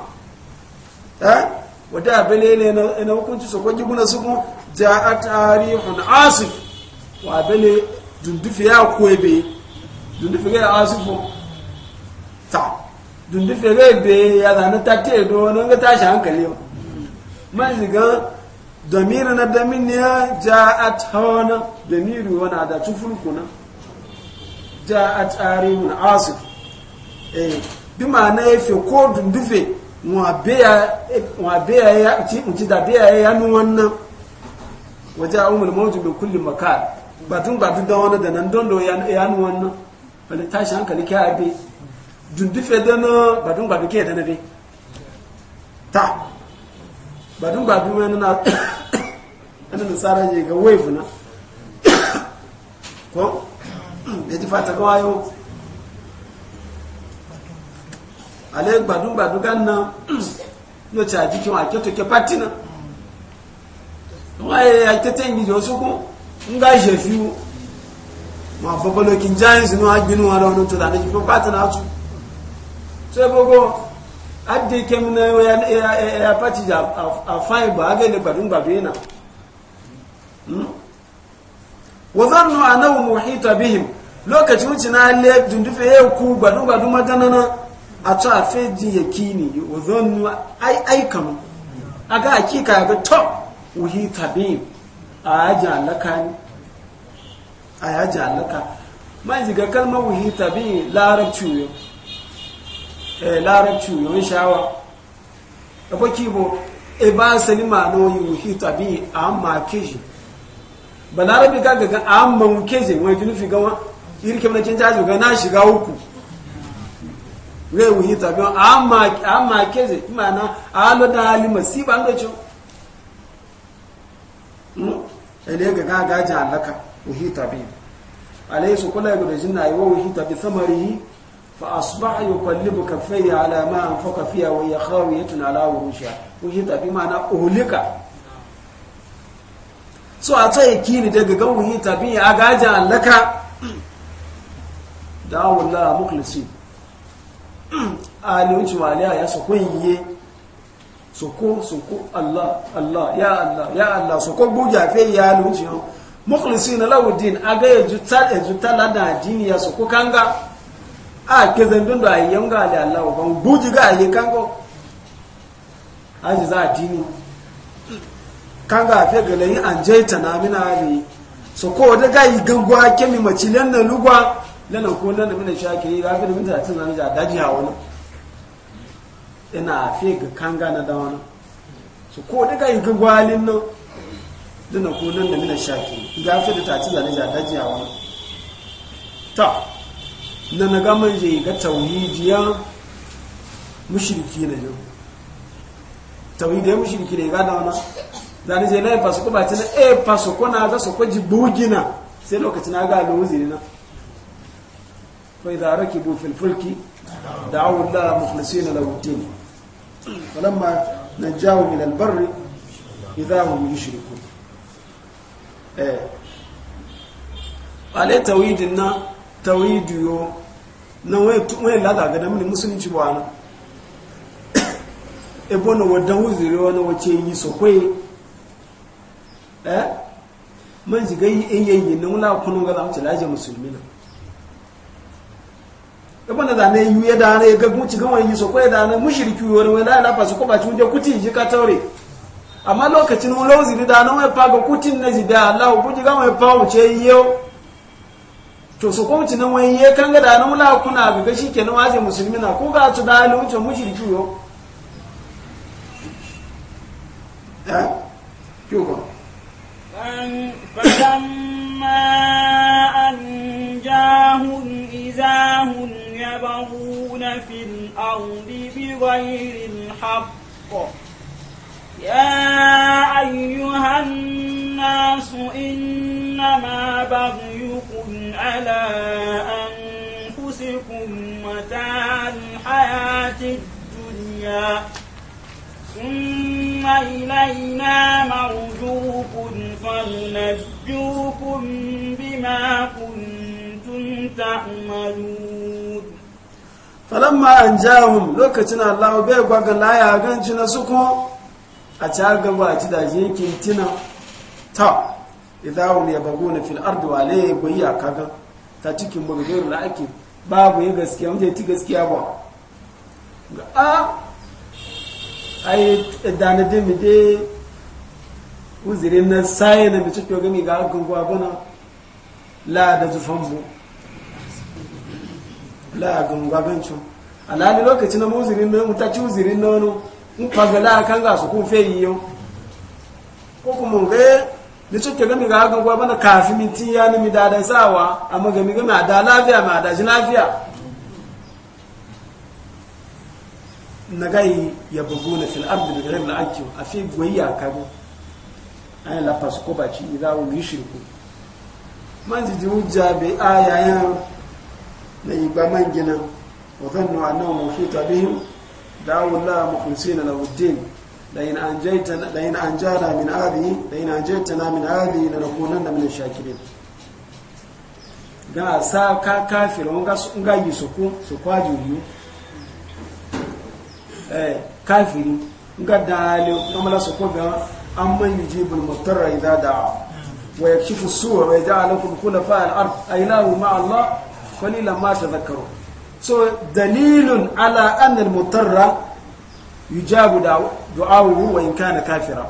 S1: eh wata abelele na hukunci so kwaji guna suku ja'a tarihun asif wa abele dundufe ya kwebe dundufe ga asifu ta dundufe ga ebe ya zana tate edo na ga tashi hankali man zigan domin na domin ya ja'at hawana domin wana da tufulku na ja'at arimun asif eh bi ma na efe ko dundufe wa biya ya ci ci da biya ya nu wannan waje a umar mawuji bin kulli makar batun batun da wani da nan don da ya nu wannan wani tashi hankali kya abi dundufe da na batun batun ke da na bi ta ba dun ba dun wani na ana da tsara je ga wave na ko ya ji fata ga wayo ale gbadun gbadun gan na lo cha ji kin aketo ke party na wa ya tete ngi jo suku nga je fi ma fo bolo kin jains no agbinu wa ro no to da ni fo party na tu se bogo adi kem na ya ya ya pati ja afai ba age le badun gbadun na hmm? wa dhannu anahu muhita bihim lokaci mun cina le dundufe ya ku badun gbadun magana na a to afe ji yakini wa dhannu ai ai kam aga hakika ga to muhita bihim a ja laka a ya ja laka man ji ga kalmar muhita bihim larabci Eh, larabci yoyin shawa da baki bo e ba sani ma'ano yi wuhi tabi a amma keji ba larabi ga ga a amma keji wani tunufi gawa irke mana cin jaji ga na shiga uku ga wuhi tabi a amma keji imana a halo da hali masiba an gaci ci hmm? ga ga gaji alaka wuhi tabi alaisu kula ga da jinna yi wa wuhi tabi فأصبح يقلب كفيه على ما أنفق فيها وهي خاوية على عروشها وجد بمعنى أهلك so a tsaye kini daga gaunin tabi a gaji allaka da wula muklisi ali wuce waliya ya sokon yiye soko soko allah allah ya allah ya allah soko buja fe ya ali wuce muklisi na lawudin aga ya juta lada dini ya soko kanga a ah, ke zandun da ayi yanga ali Allah ban buji ga ali kango haji za dini kanga fe yi an ta na mina ne so ko da ga yi gangwa ke mi maci na lugwa lana ko nan mina yi za ga da minta tun nan ja daji a wani ina a fe ga kanga na da wani so ko da ga yi gangwa alin nan dana ko mina sha ke yi ga fe da ta tun nan ja daji a wani ta na na ga manje ga tauhidiya mushriki yo yau ya mushriki ne ga da wana zani je lai fasu ko ba na e eh, fasu ko na za su ko jibugina sai lokacin ga lozi ne na fa idza rakibu fil fulki da'u Allah mukhlisina lahu din falamma najaw ila al barri idza hum yushrikun eh ale tawhidin na tawhidiyo na wani lada ga damini musulunci ba e na ebo na wadda wuziri wani wace yi so kwaye eh man jiga e yi eyayi na wula kunu ga zamci laje musulmi na ebo na zane yi ya dana ya e gagun ci da yi da na dana mushirki wani wani na lafa su kuma cunje kuti ka taure amma lokacin wula wuziri dana wani faga na jida allahu kuji gawan ya fawo ce yi yau to so ko mutunan wani ya kan gada na mula kuna gaga shi kenan waje musulmi na ko ga su da halin wuce mushriki yo eh kiyo ko
S3: فلما أنجاهم إذا هم يا أيها الناس إنما بغيكم على أنفسكم متاع الحياة الدنيا ثم إلينا مرجوكم فلنبجوكم بما كنتم تعملون
S1: فلما أنجاهم لوكتنا الله بيك وقال لا يا أغنجنا سكو أتاقوا أتداجين كنتنا ta idahum yabghuna fil ardi wa la yaghya kaga ta cikin bugairu la ake babu ya gaskiya mun je gaskiya ba ga a ai dana de mi de uzirin na sai na bitu to gami ga gungwa bana la da zufan bu la gungwa gancin alali lokacin na uzirin na ci uzirin na wani in fagala kan ga su kun fe yi yau ko kuma ga ni cuta gami ga hakan kuwa mana kafin mintin ya nimi dadan sawa amma gami gami a da lafiya ma da shi lafiya na gai ya bugu na fil ardi daga rai la'akiyo a fi gwayya kabo an yi lafa su ko baki ila wuri shirku man ji hujja bai a yayan na igba man gina wa zannu annahu mufita bihim da'u la mukhlisina lahu din لئن أنجيتنا لئن أنجانا من هذه لئن أنجيتنا من هذه لنكونن من الشاكرين ga sa ka kafir nga nga yi suku su kwaju yu eh kafiri nga dalil kamala suku ga amma yujibul mutarra idza da'a wa yakshifu su'a wa yaj'alukum khulafa al-ard aylahu ma Allah qalilan ma tadhakkarun so dalilun ala 'an al-mutarra yujabu da du'awu wa in kana kafira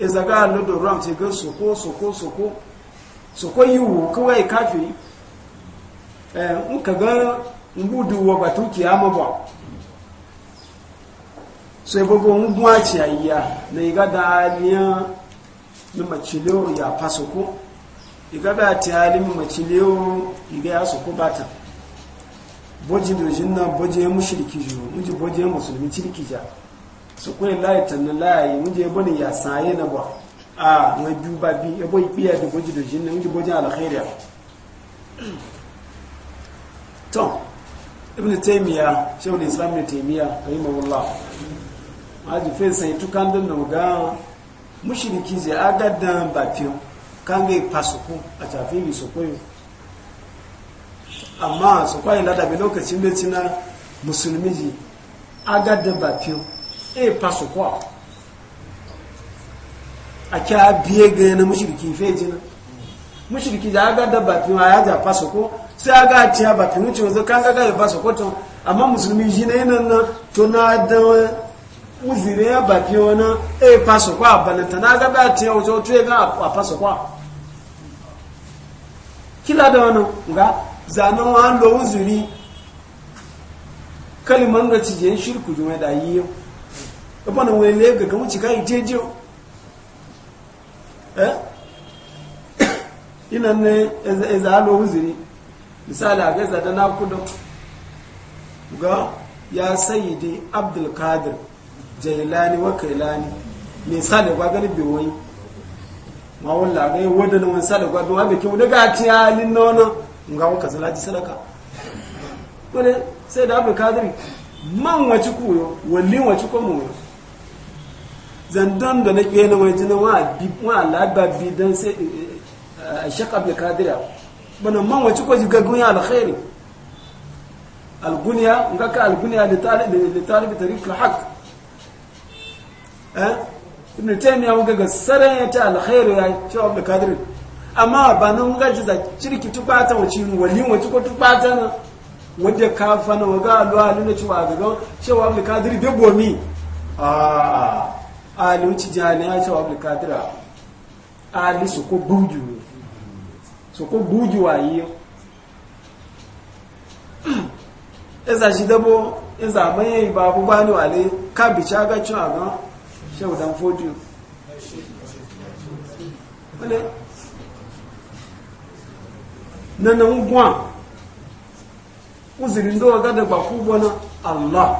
S1: iza ga allo do ram ce ga soko soko soko soko yiwu kawai kafiri eh in ka ga ngudu wa batu kiyama ba sai bugu ngun a ciyayiya na iga da aliya na macileo ya fasoko iga da ta halin macileo iga ya soko bata boji da jinna mushiriki mushriki jo muje boje musulmi cirki ja su kuma layi tanna layi muje bani ya saye na ba a wai biyu ba bi ya boye biya da boji na jinna muje boje alkhairiya to ibn taymiya shaykhul islam ibn taymiya ji aji fe tu kan dan da ga mushriki je agadan ba fiyo kan ga fasuku a tafi bi su koyo amma su kwayin ladabi lokacin bai na musulmi ji agadin bafiyo e fasu kwa a kya biye gaya na mashirki feji na mashirki da agadin bafiyo a yaja fasu ko sai aga a ciya bafiyo wuce wanzu kan gaga ya fasu ko tun amma musulmi ji na yanar na to na don uzire ya bafiyo na e fasu kwa bananta na gaba ta yau wuce wato ya ga a fasu kwa kila da wani ga zanen wani lowun zuri kalimar da cijen shirku jume da yi yau ɗafa na wani lega ga wuce kayi jeje eh ina ne za lowun zuri misali a gaisa da nakuda ga ya sayi dai abdulkadir jailani wa kailani ne sale gwa gani bi wani ma wani lagai wadda na wani sale gwa bi wani bikin wani gati halin nono nga wanka ji sadaka wani sai da abu kadiri man waci koyo wallin waci ko mu zandan da na kena mai jina wa wa laba bi dan sai eh, eh, shaq bi kadiri bana man waci ko jiga gunya alkhairi algunya nga ka algunya li talib li talib tariq alhaq eh ibn taymiya ga ga sarai ta alkhairu ya ci abu kadiri amma ba nan ga ji za cirki tukpata wa cinu wali wa ciko tukpata na wadda ka fana wa ga alwa alu na cewa gaga cewa abu kadiri bai gomi a alu ci jani ya cewa abu kadira alu su ko buju su ko buju wa yi iza e shi dabo iza e mai yi ba babu bani wa ne ka bi aga cin aga shehu dan fodiyo wale na na ngwa uziri ndo ga da gbakwugbo na ala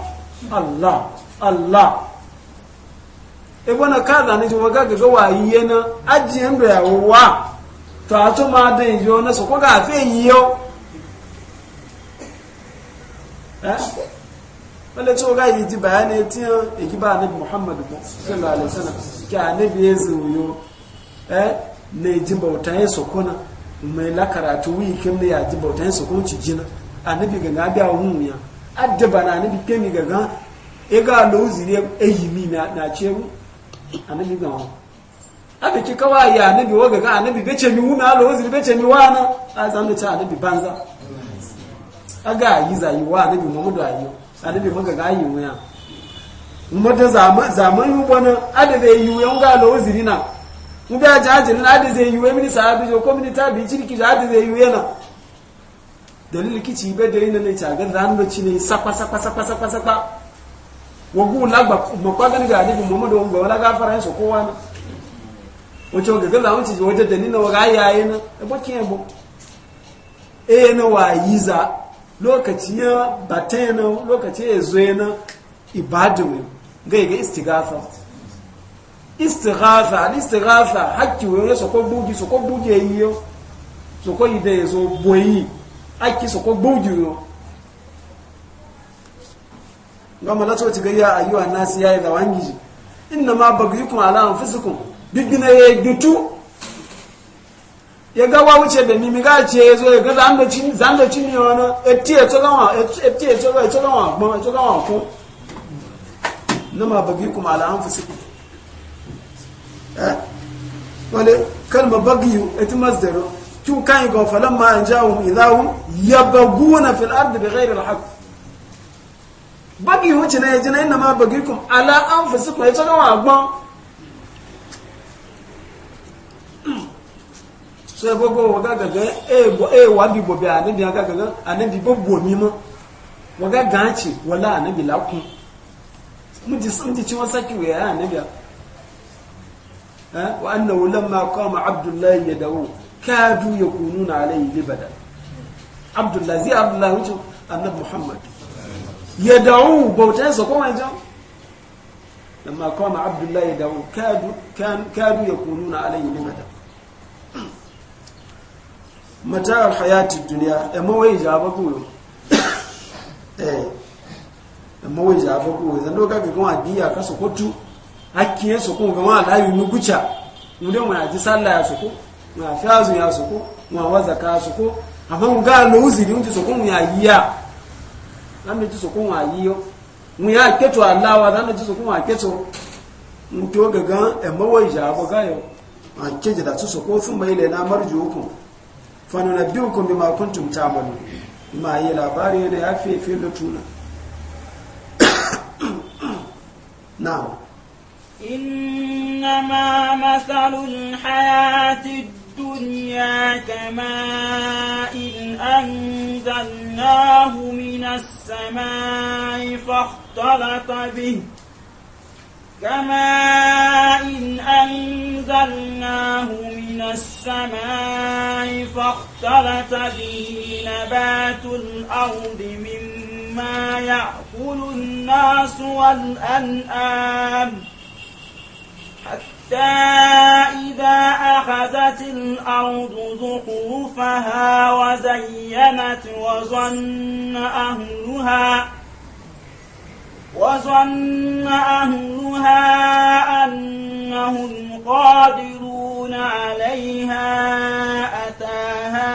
S1: ala allah e bona kaza ni juma ga ga wa yiye na ajiye ya to ma da yiyo na so ga eh wanda cewa ga yi ji bayanai tiyan e igiba annabi muhammadu sallallahu alaihi wasallam ki annabi ya zuyo eh ne ji bauta ya sokona mai la karatu wi kim da yaji bautan su kun ci jina annabi ga na da hun ya adda bana annabi kemi ga ga e ga lozi ne eyi mi na na ce mu annabi ga wa abi ki kawa ya annabi wa ga ga annabi bace mi wuna lozi bace mi wana a san da ta annabi banza aga yi zayi wa annabi Muhammadu ayo annabi maga ga yi mu ya mu da zaman zaman yu bana adabe yu yan ga lozi na mbe aja ajin na da zai yiwe mini sahabi jo ko mini tabi jirki da da zai yiwe na dalil kici be da yin ne caga zan do cine sakwa sakwa sakwa sakwa sakwa wogu lagba mo kwa ga ni mo mo do ngo la ga fara so ko wana o cho gaga la unti jo da dalil na waga yayi na e bo kin bo e na wa yiza lokaci ya na lokaci ya zo na ibadu ga ga istighafar istighatha alistighatha hakki wore soko bugi soko bugi yiyo soko ide so boyi hakki soko bugi yo ayu anasi da wangiji inna ma bagiyukum ala anfusikum ye dutu wuce da nimi ga ce zo ya ga ko e e e, ala anfusikum Eh? wale kalma bagiyu ita masdarin tun kan yi gafalan ma an jawon idahun ya bagu na fil'ar da bigayar alhaku bagi wuce na yaji na yana ma bagi kun ala an fusi kwa ita gawa agbon so ya gbogbo waga gaga e, e wa bi bo bobe anabi aga gaga bo bo mi mo waga ganci wala bi lakun mu ji sun ji ciwon saki wa ya anabi wa annahu lamma qama abdullahi yad'u kadu yakununa alayhi libada abdullahi zai abdullahi wucin annabi muhammad yad'u bautansa ko wani jan لما قام عبد الله يدعو كادوا كان كادوا يكونون عليه لمدا متاع الحياة الدنيا اما ويجابكو eh amma wai jaba ko idan doka ga kuma diya kasu kotu hakkiye su ko gama alayi mu guca muna ji sallah ya su ko muna fiyazu ya su ko muna wazaka ya ko amma mu ga lo uziri mu ti su ko mu ya yiya na mu ti su ko mu ya yiyo mu ya keto alawa na mu ti su ko mu ya keto mu to gaga e mawai ja ba ga yau a keje da su su ko sun mai na marju hukum fa nunabbiukum bima kuntum ta'malun bima yi labari ne ya fi fi lutuna
S3: na'am إنما مثل الحياة الدنيا كماء أنزلناه من السماء فاختلط به كماء أنزلناه من السماء فاختلط به نبات الأرض مما يأكل الناس والأنعام ۖ حتى إذا أخذت الأرض زخرفها وزينت وظن أهلها وظن أهلها أنهم قادرون عليها أتاها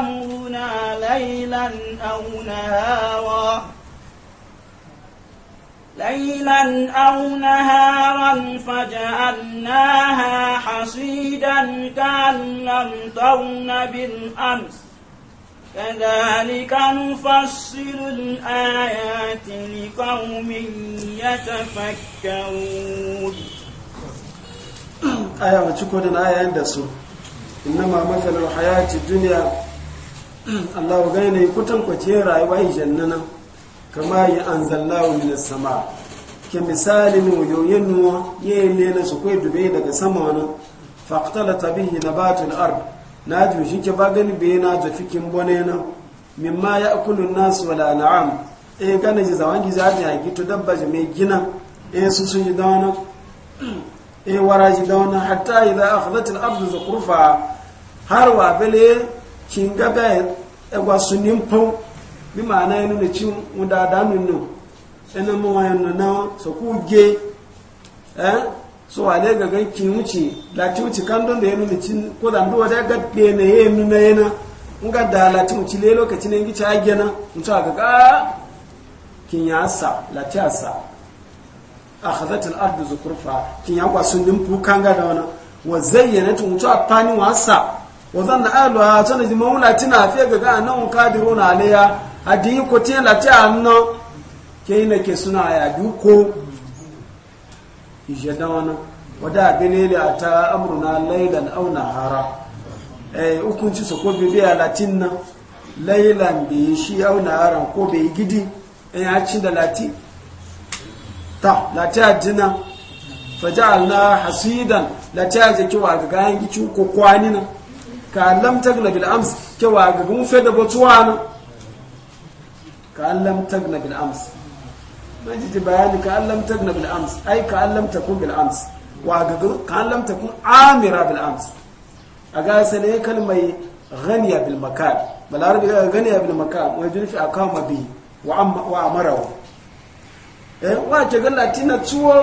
S3: أمرنا ليلا أو نهارا ليلا أو نهارا فجعلناها حصيدا كأن لم تغن بالأمس كذلك نفصل الآيات لقوم يتفكرون
S1: آية وتكون الآية عند إنما مثل الحياة الدنيا الله غني كتن كتير أيوة جننا kama yi an zallawo min sama ke misali ne yoyin nuwa ya yi ne na su kai dube daga sama wani faktala tabihi na batun arb na ju shi ke ba gani bai na jafikin bone na mimma ya akulun nasu wala na'am e gane ji zaman giza ta to dabba ji mai gina e su sun yi dauna e wara ji dauna hatta idza a al-ardu kurfa har wa bale kinga ba e gwa sunin bi ma'ana ya nuna cin wanda damin nan ɗanan mawayan na nawa su eh? so wale ga gan ki wuce lati kan don da ya nuna cin ko da ndo da ga be na ya nuna yana nga da lati wuce le lokaci ne ngi ta gena mutu ga ga kin ya sa lati a akhadat al-ard zukurfa kin ya kwa sun din pukanga da wana wa zayyanatu mutu a fani wasa wa zanna ahluha tana jimawla tina fiye ga ga nan kadiruna alayya adiyi ko te la te anno ke ina ke suna ya duko ijada wana wada benele ata amruna laylan aw nahara eh hukunci su ko bibi a latinna laylan bi shi aw ko be gidi eh ya da lati ta lati hasidan lati ga gangi ka da botuwana ka allam tagna bil ams man ji bayani ka allam tagna bil ams ai ka allam takun bil ams wa ga ka allam takun amira bil ams aga sai kalmai ghaniya bil makan balarabi ga ghaniya bil makan wa yunfi akama bi wa amma wa amarahu eh wa ce galla tina tuwo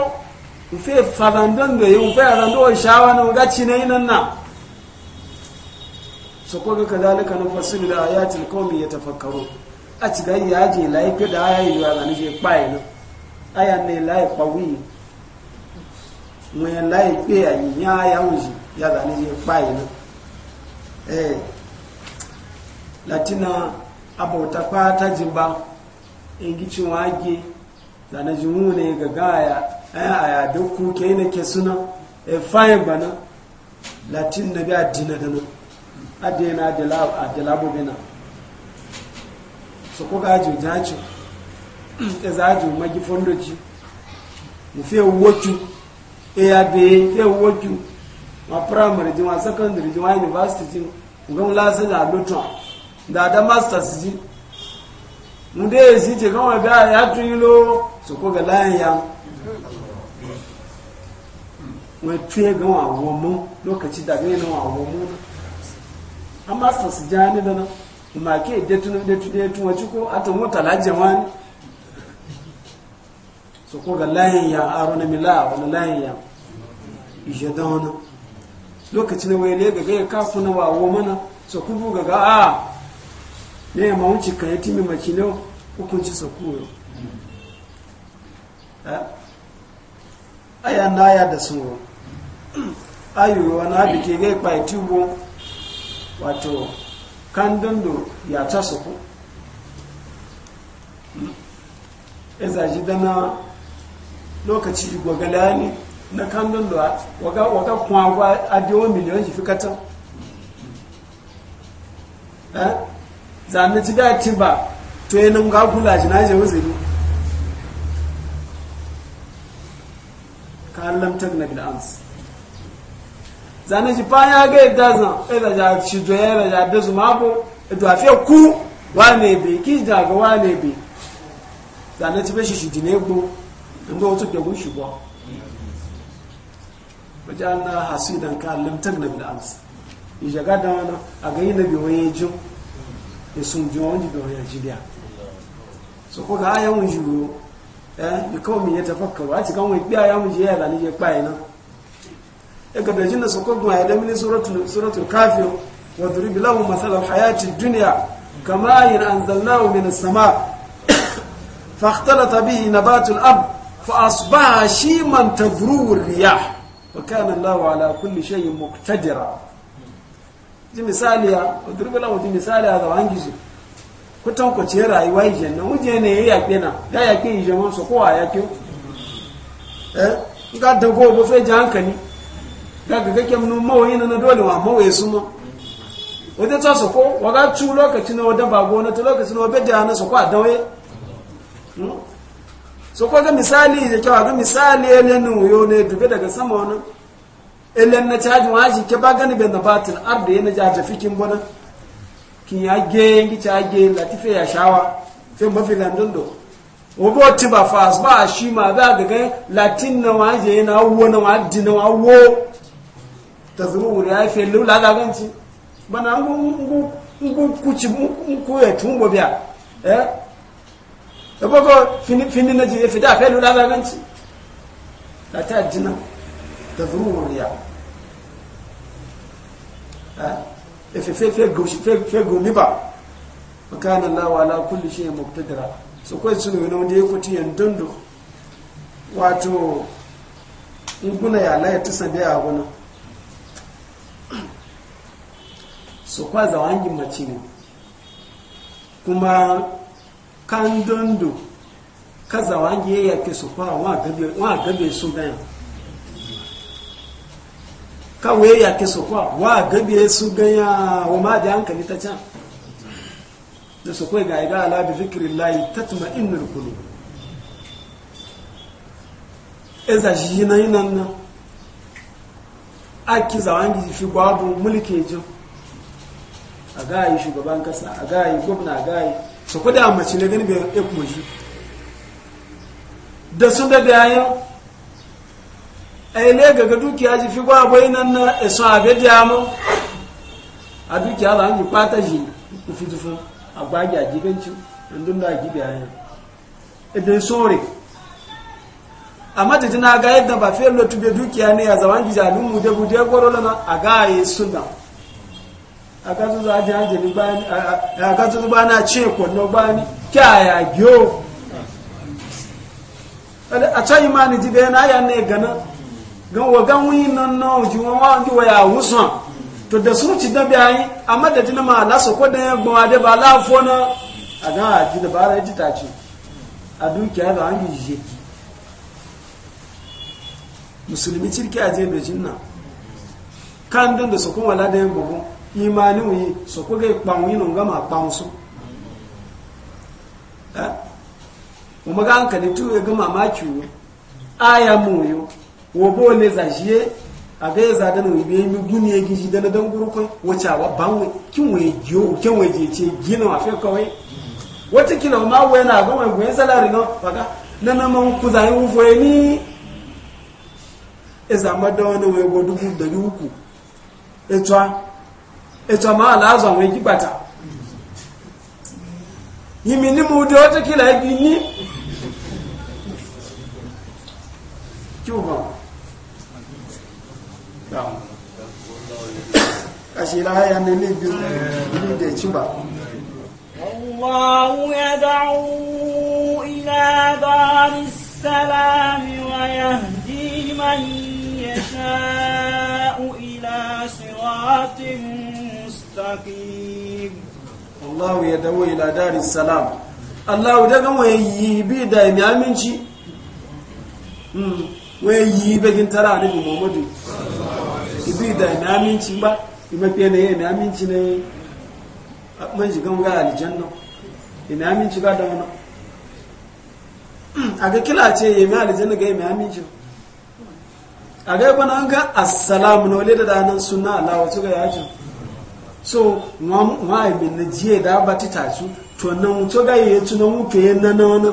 S1: ufe fadandon da yi ufe fadandon shawa na gaci na yinan na so kuma ka zalika na fasilu da ayatul kawai ya tafakkaru a ci gan yaji lai ke da aya yi wa zane je kpaye na aya ne lai kpawi mo ya lai pe ya yi nya aya wuji ya zane je kpaye na eh latina abauta fata jimba ingicin wage zane jimu ne ga gaya aya aya dukku ke ne ke suna e fayin bana latin na bi adina dana adina adela adela bobina su ko ga ju jacho e za magi fondoji mu fe wochu e ya be fe wochu ma primary ji ma secondary ji ma university ji ngam la se da lotwa da da masters ji mu de si je kan ga ya tun lo su ko ga lan ya mu tuye ga wa mu lokaci da ga ne wa mu amma sa jani da nan make detuwa ko, ata mota lajin wani so ko ga layin ya aro na mila wani layin ya ishe da lokacin wai ne ga ya kafu na wawo mana so ku buga ga a ah, ne ma wuce ka ya timi makino hukunci so kuro eh? aya na ya da sun ayu na abu ke gai kwa tubo wato kan do ya ta suku iza ji dana lokaci gwagala ne na kan dondo waga waga kwagwa adiyo miliyon ji fikatan eh zanne da ci ba to yi nunga kula ji na je wuzuri ka lamtar na bil'ansu zane shi fanya ga yadda zan ɗaya eh, da shi doya da ya da zuma ko eh, da fiye ku Wa wane be ki da wa wane be zane ci shi shi dine gbo in ba wata gyagun shi ba wajen na hasu idan ka limtar na bil amsa yi shaga da wani a ga yi na biyo ya jin ya sun ji wani biyo ya ji biya so ko ga ayan wani juro eh ya kawo min ya tafakkaru a cikin wani biya ya mu je ya zane je yi na. يقدر إيه، جنة سكوب مهدا من سورة سورة الكافر واضرب لهم مثل الحياة الدنيا كماء أنزلناه من السماء فاختلط به نبات الأرض فأصبح شيما تذروه الرياح وكان الله على كل شيء مقتدرا دي مثال يا odurbe la دي مثال هذا وانجز gizi ko tan ko ce rayuwa yi na wuje ne ya yake na da yake yi jama'a so daga gakem nun mawayi na dole wa mawaye su ma wadda ta su ko waga cu lokaci na wadda ba gona ta lokaci na wadda jana su kwa dawaye hmm? su ko ga misali da kyau ga misali ya ne uyo ne dubi daga sama wani ele na cajin wajen ke ba gani ben da batil arda yana jaje fikin gona ki ya ge ngi ge latife ya shawa fe mafi landondo obo ti ba fas ba shi ma da ga latin na waje yana wuwa na wadi na wuwa tazuru ya lu lula da ganci bana ngun kuci ngun ya tumbo biya eh sabogo fini na ji fi da fi lula da ganci da ta jina tazuru ya eh Ya fe fe goshi fe fe gomi ba makana Allah wa ala kulli shay'in muqtadira so ko su ne wanda ya kuti yan dundu wato in na ya la ya tusa biya gona so kwa za wangin kuma kandondo dondo ka za wangi ya ke so kwa wa gabe so gaya we ya ke so kwa wa gabe su ganya wa ma da hankali ta can da so kwa ga ida ala bi zikirin layi ta tuma innar kulu in na shi nan aki zawangi fi babu mulke jin a gayi shugaban kasa a gayi gwamna a gayi su kuda a mace na gani bai ya kuma shi da sun da bayan a yi lega dukiya ji fi babu yi nan na iso e a bai jamu a dukiya zawangi fata shi fi tufin a gbagi a gibancin indun da a gibe a yau idan e sore a ta na ga yadda ba fiye lotu bai dukiya ne a zaman gijalin mu da bude goro lana a ga yi suna a ga zuzu aji aji ni bani a zuzu bani ce kwallo bani kya ya gyo a can yi ni ji na aya ne gana gan wa gan wuyi nan na oji wọn wọn ndi wa ya to da sun ci dabi ayi a da ma lasa ko da ya gbawa da ba lafona na a ga aji da ba ra ji ta ce a dukiya da an gije musulmi cirki a jebe jinna kan don da su kuma lada yin bugu imani wuyi su kuga ikpanwu yin gama kpanwu su eh? kuma ga hankali tu ya gama maki wu aya mu yi wobo ne zajiye a ga ya zada na wibe yi guni ya gishi dana don gurukun wacce wa banwe kin waye giyo kin waye je ce gina mafi kawai wata kina ma wena ga gama gwen salari na faga na na man kuzayin wufoye ni iza mada wani wego dubu dari uku ita ma alaza wai gibata Imi ni mu da wata kila yi ni cuba kashi na haya ne ne da cuba
S3: يدعو إلى دار السلام ويهدي من السماء إلى صراط مستقيم
S1: الله يدعو إلى دار السلام الله يدعو ويجيبي دائما منشي ويجيبي جنترى عن محمد يجيبي دائما منشي با يمكن يجيبي منشي ne man shigan ga aljanna ina min shiga da wannan a ga kila ce yemi aljanna ga yemi aminci ba a ga bana an ga assalamu na wale da danan suna Allah wato ga yajin so ma min na jiye da ba ti tasu to nan wato ga yi tuna nan to yin nan wani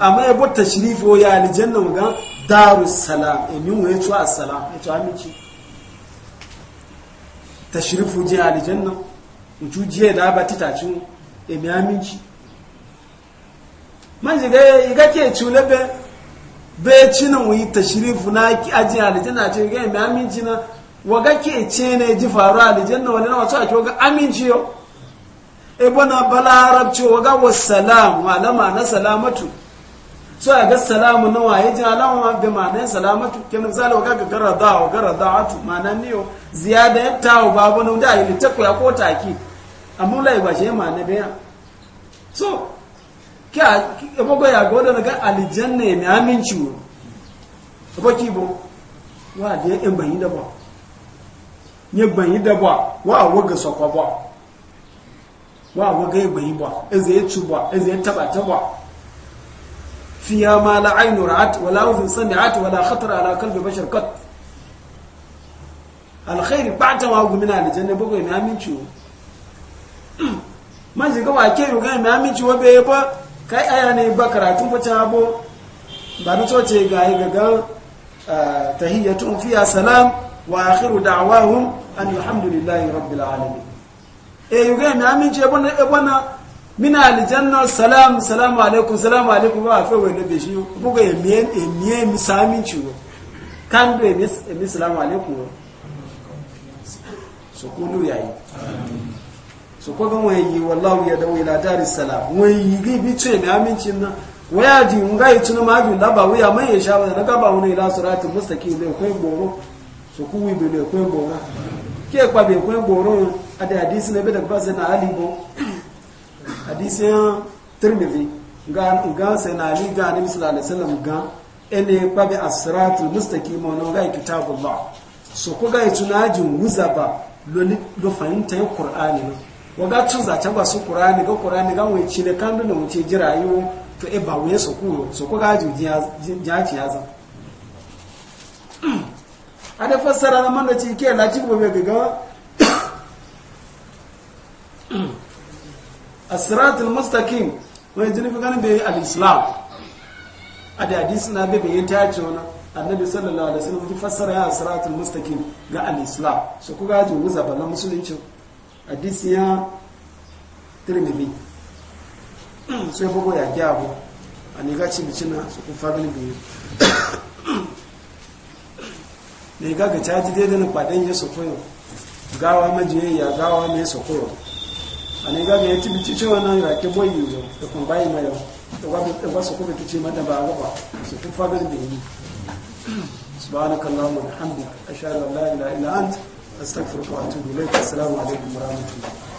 S1: amma ya bota shirifo ya aljanna mu ga darus salam in mu yato assalam yato aminci tashrifu je nan mutu jiye da ba ti tasu e mi aminci man jiga ga ke bai ci na wuyi ta shirifu na aji na ce ga mai aminci na waga ke ce ne ji faru na wani na wasu ake waga aminci yau ibana balarabci waga wa salam malama na salamatu so a ga salamu na waye ji alama ma da ma'anar salamatu ke misali waga ga da wa garada atu ma'anar yau ziyada ya wa babu na da a yi littafi ko taki amma lai ba shi ma'anar biya so ya ga daga ga alijanna ya mamin ciwo aboki bo wa da ya ɗin banyi da ba ya banyi da ba wa a waga sokwa ba wa a waga ya banyi ba eze ya ci ba eze ya taba ta ba fiya ma la ainu ra'at wala uzun sami'at wala khatar ala kalbi bashar kat alkhairi ba ta wa gumina alijanna bago ya mamin ciwo man shiga wa ke yi ga ya mamin ciwo bai ba kai aya ne ba karatun fa bo ba na toce ga yi gaga eh, tahiyyatun fiya salam wa akhiru da'wahum an alhamdulillahi rabbil alamin e eh, yuga na min ce bana e bana min aljanna salam salamu alaikum salamu alaikum ba fa wai da shi buga e miye e miye mi ci ciwo kan do e salamu alaikum su kulu yayi amin su kwagan wayi wallahu ya dawo ila daris salam wayi gai bi ce mai amincin nan waya ji mun gai tuna ma ji da ba wuya mai ya sha ba na ga ba wani ila suratul mustaqim bai kai boro su kuwi bai bai kai boro ke kwa bai kai boro a da hadisi ne bai da ba sai na ali bo hadisi tirmidhi ga ga sai na ali ga annabi sallallahu alaihi wasallam ga ene kwa bi asratul mustaqim wannan gai kitabullah su ku gai tuna wuzaba wuza ba lo fahimta yin qur'ani ne waga cin zacen ba su kurani ga kurani ga wai cile kandu na wuce ji rayu to e ba wuye su kuro su kuka gaji jaci ya zan a da fassara na manda da ci ke lati gobe gaga asiratul mustaqim wani jini fi ganin bai al-islam a da hadisi na bai bai ta ce wani annabi sallallahu alaihi wasallam ki fassara ya asiratul mustaqim ga al-islam su kuka gaji wuza balan musulunci hadisi ya tirmidhi sai bobo ya gyabo a niga cimicina su kun fagin biyu ne ga ga caji daidai na kwadon ya koyo, gawa ya gawa mai koyo a ne ga ga ya tibici cewa nan ya ke boyi yau da kun bayi na yau da wasu kuma ta ce mata ba gaba su kun fagin biyu subhanakallahumma wa bihamdika ashhadu an la ilaha illa anta استغفر الله وأتوب إليك السلام عليكم ورحمة الله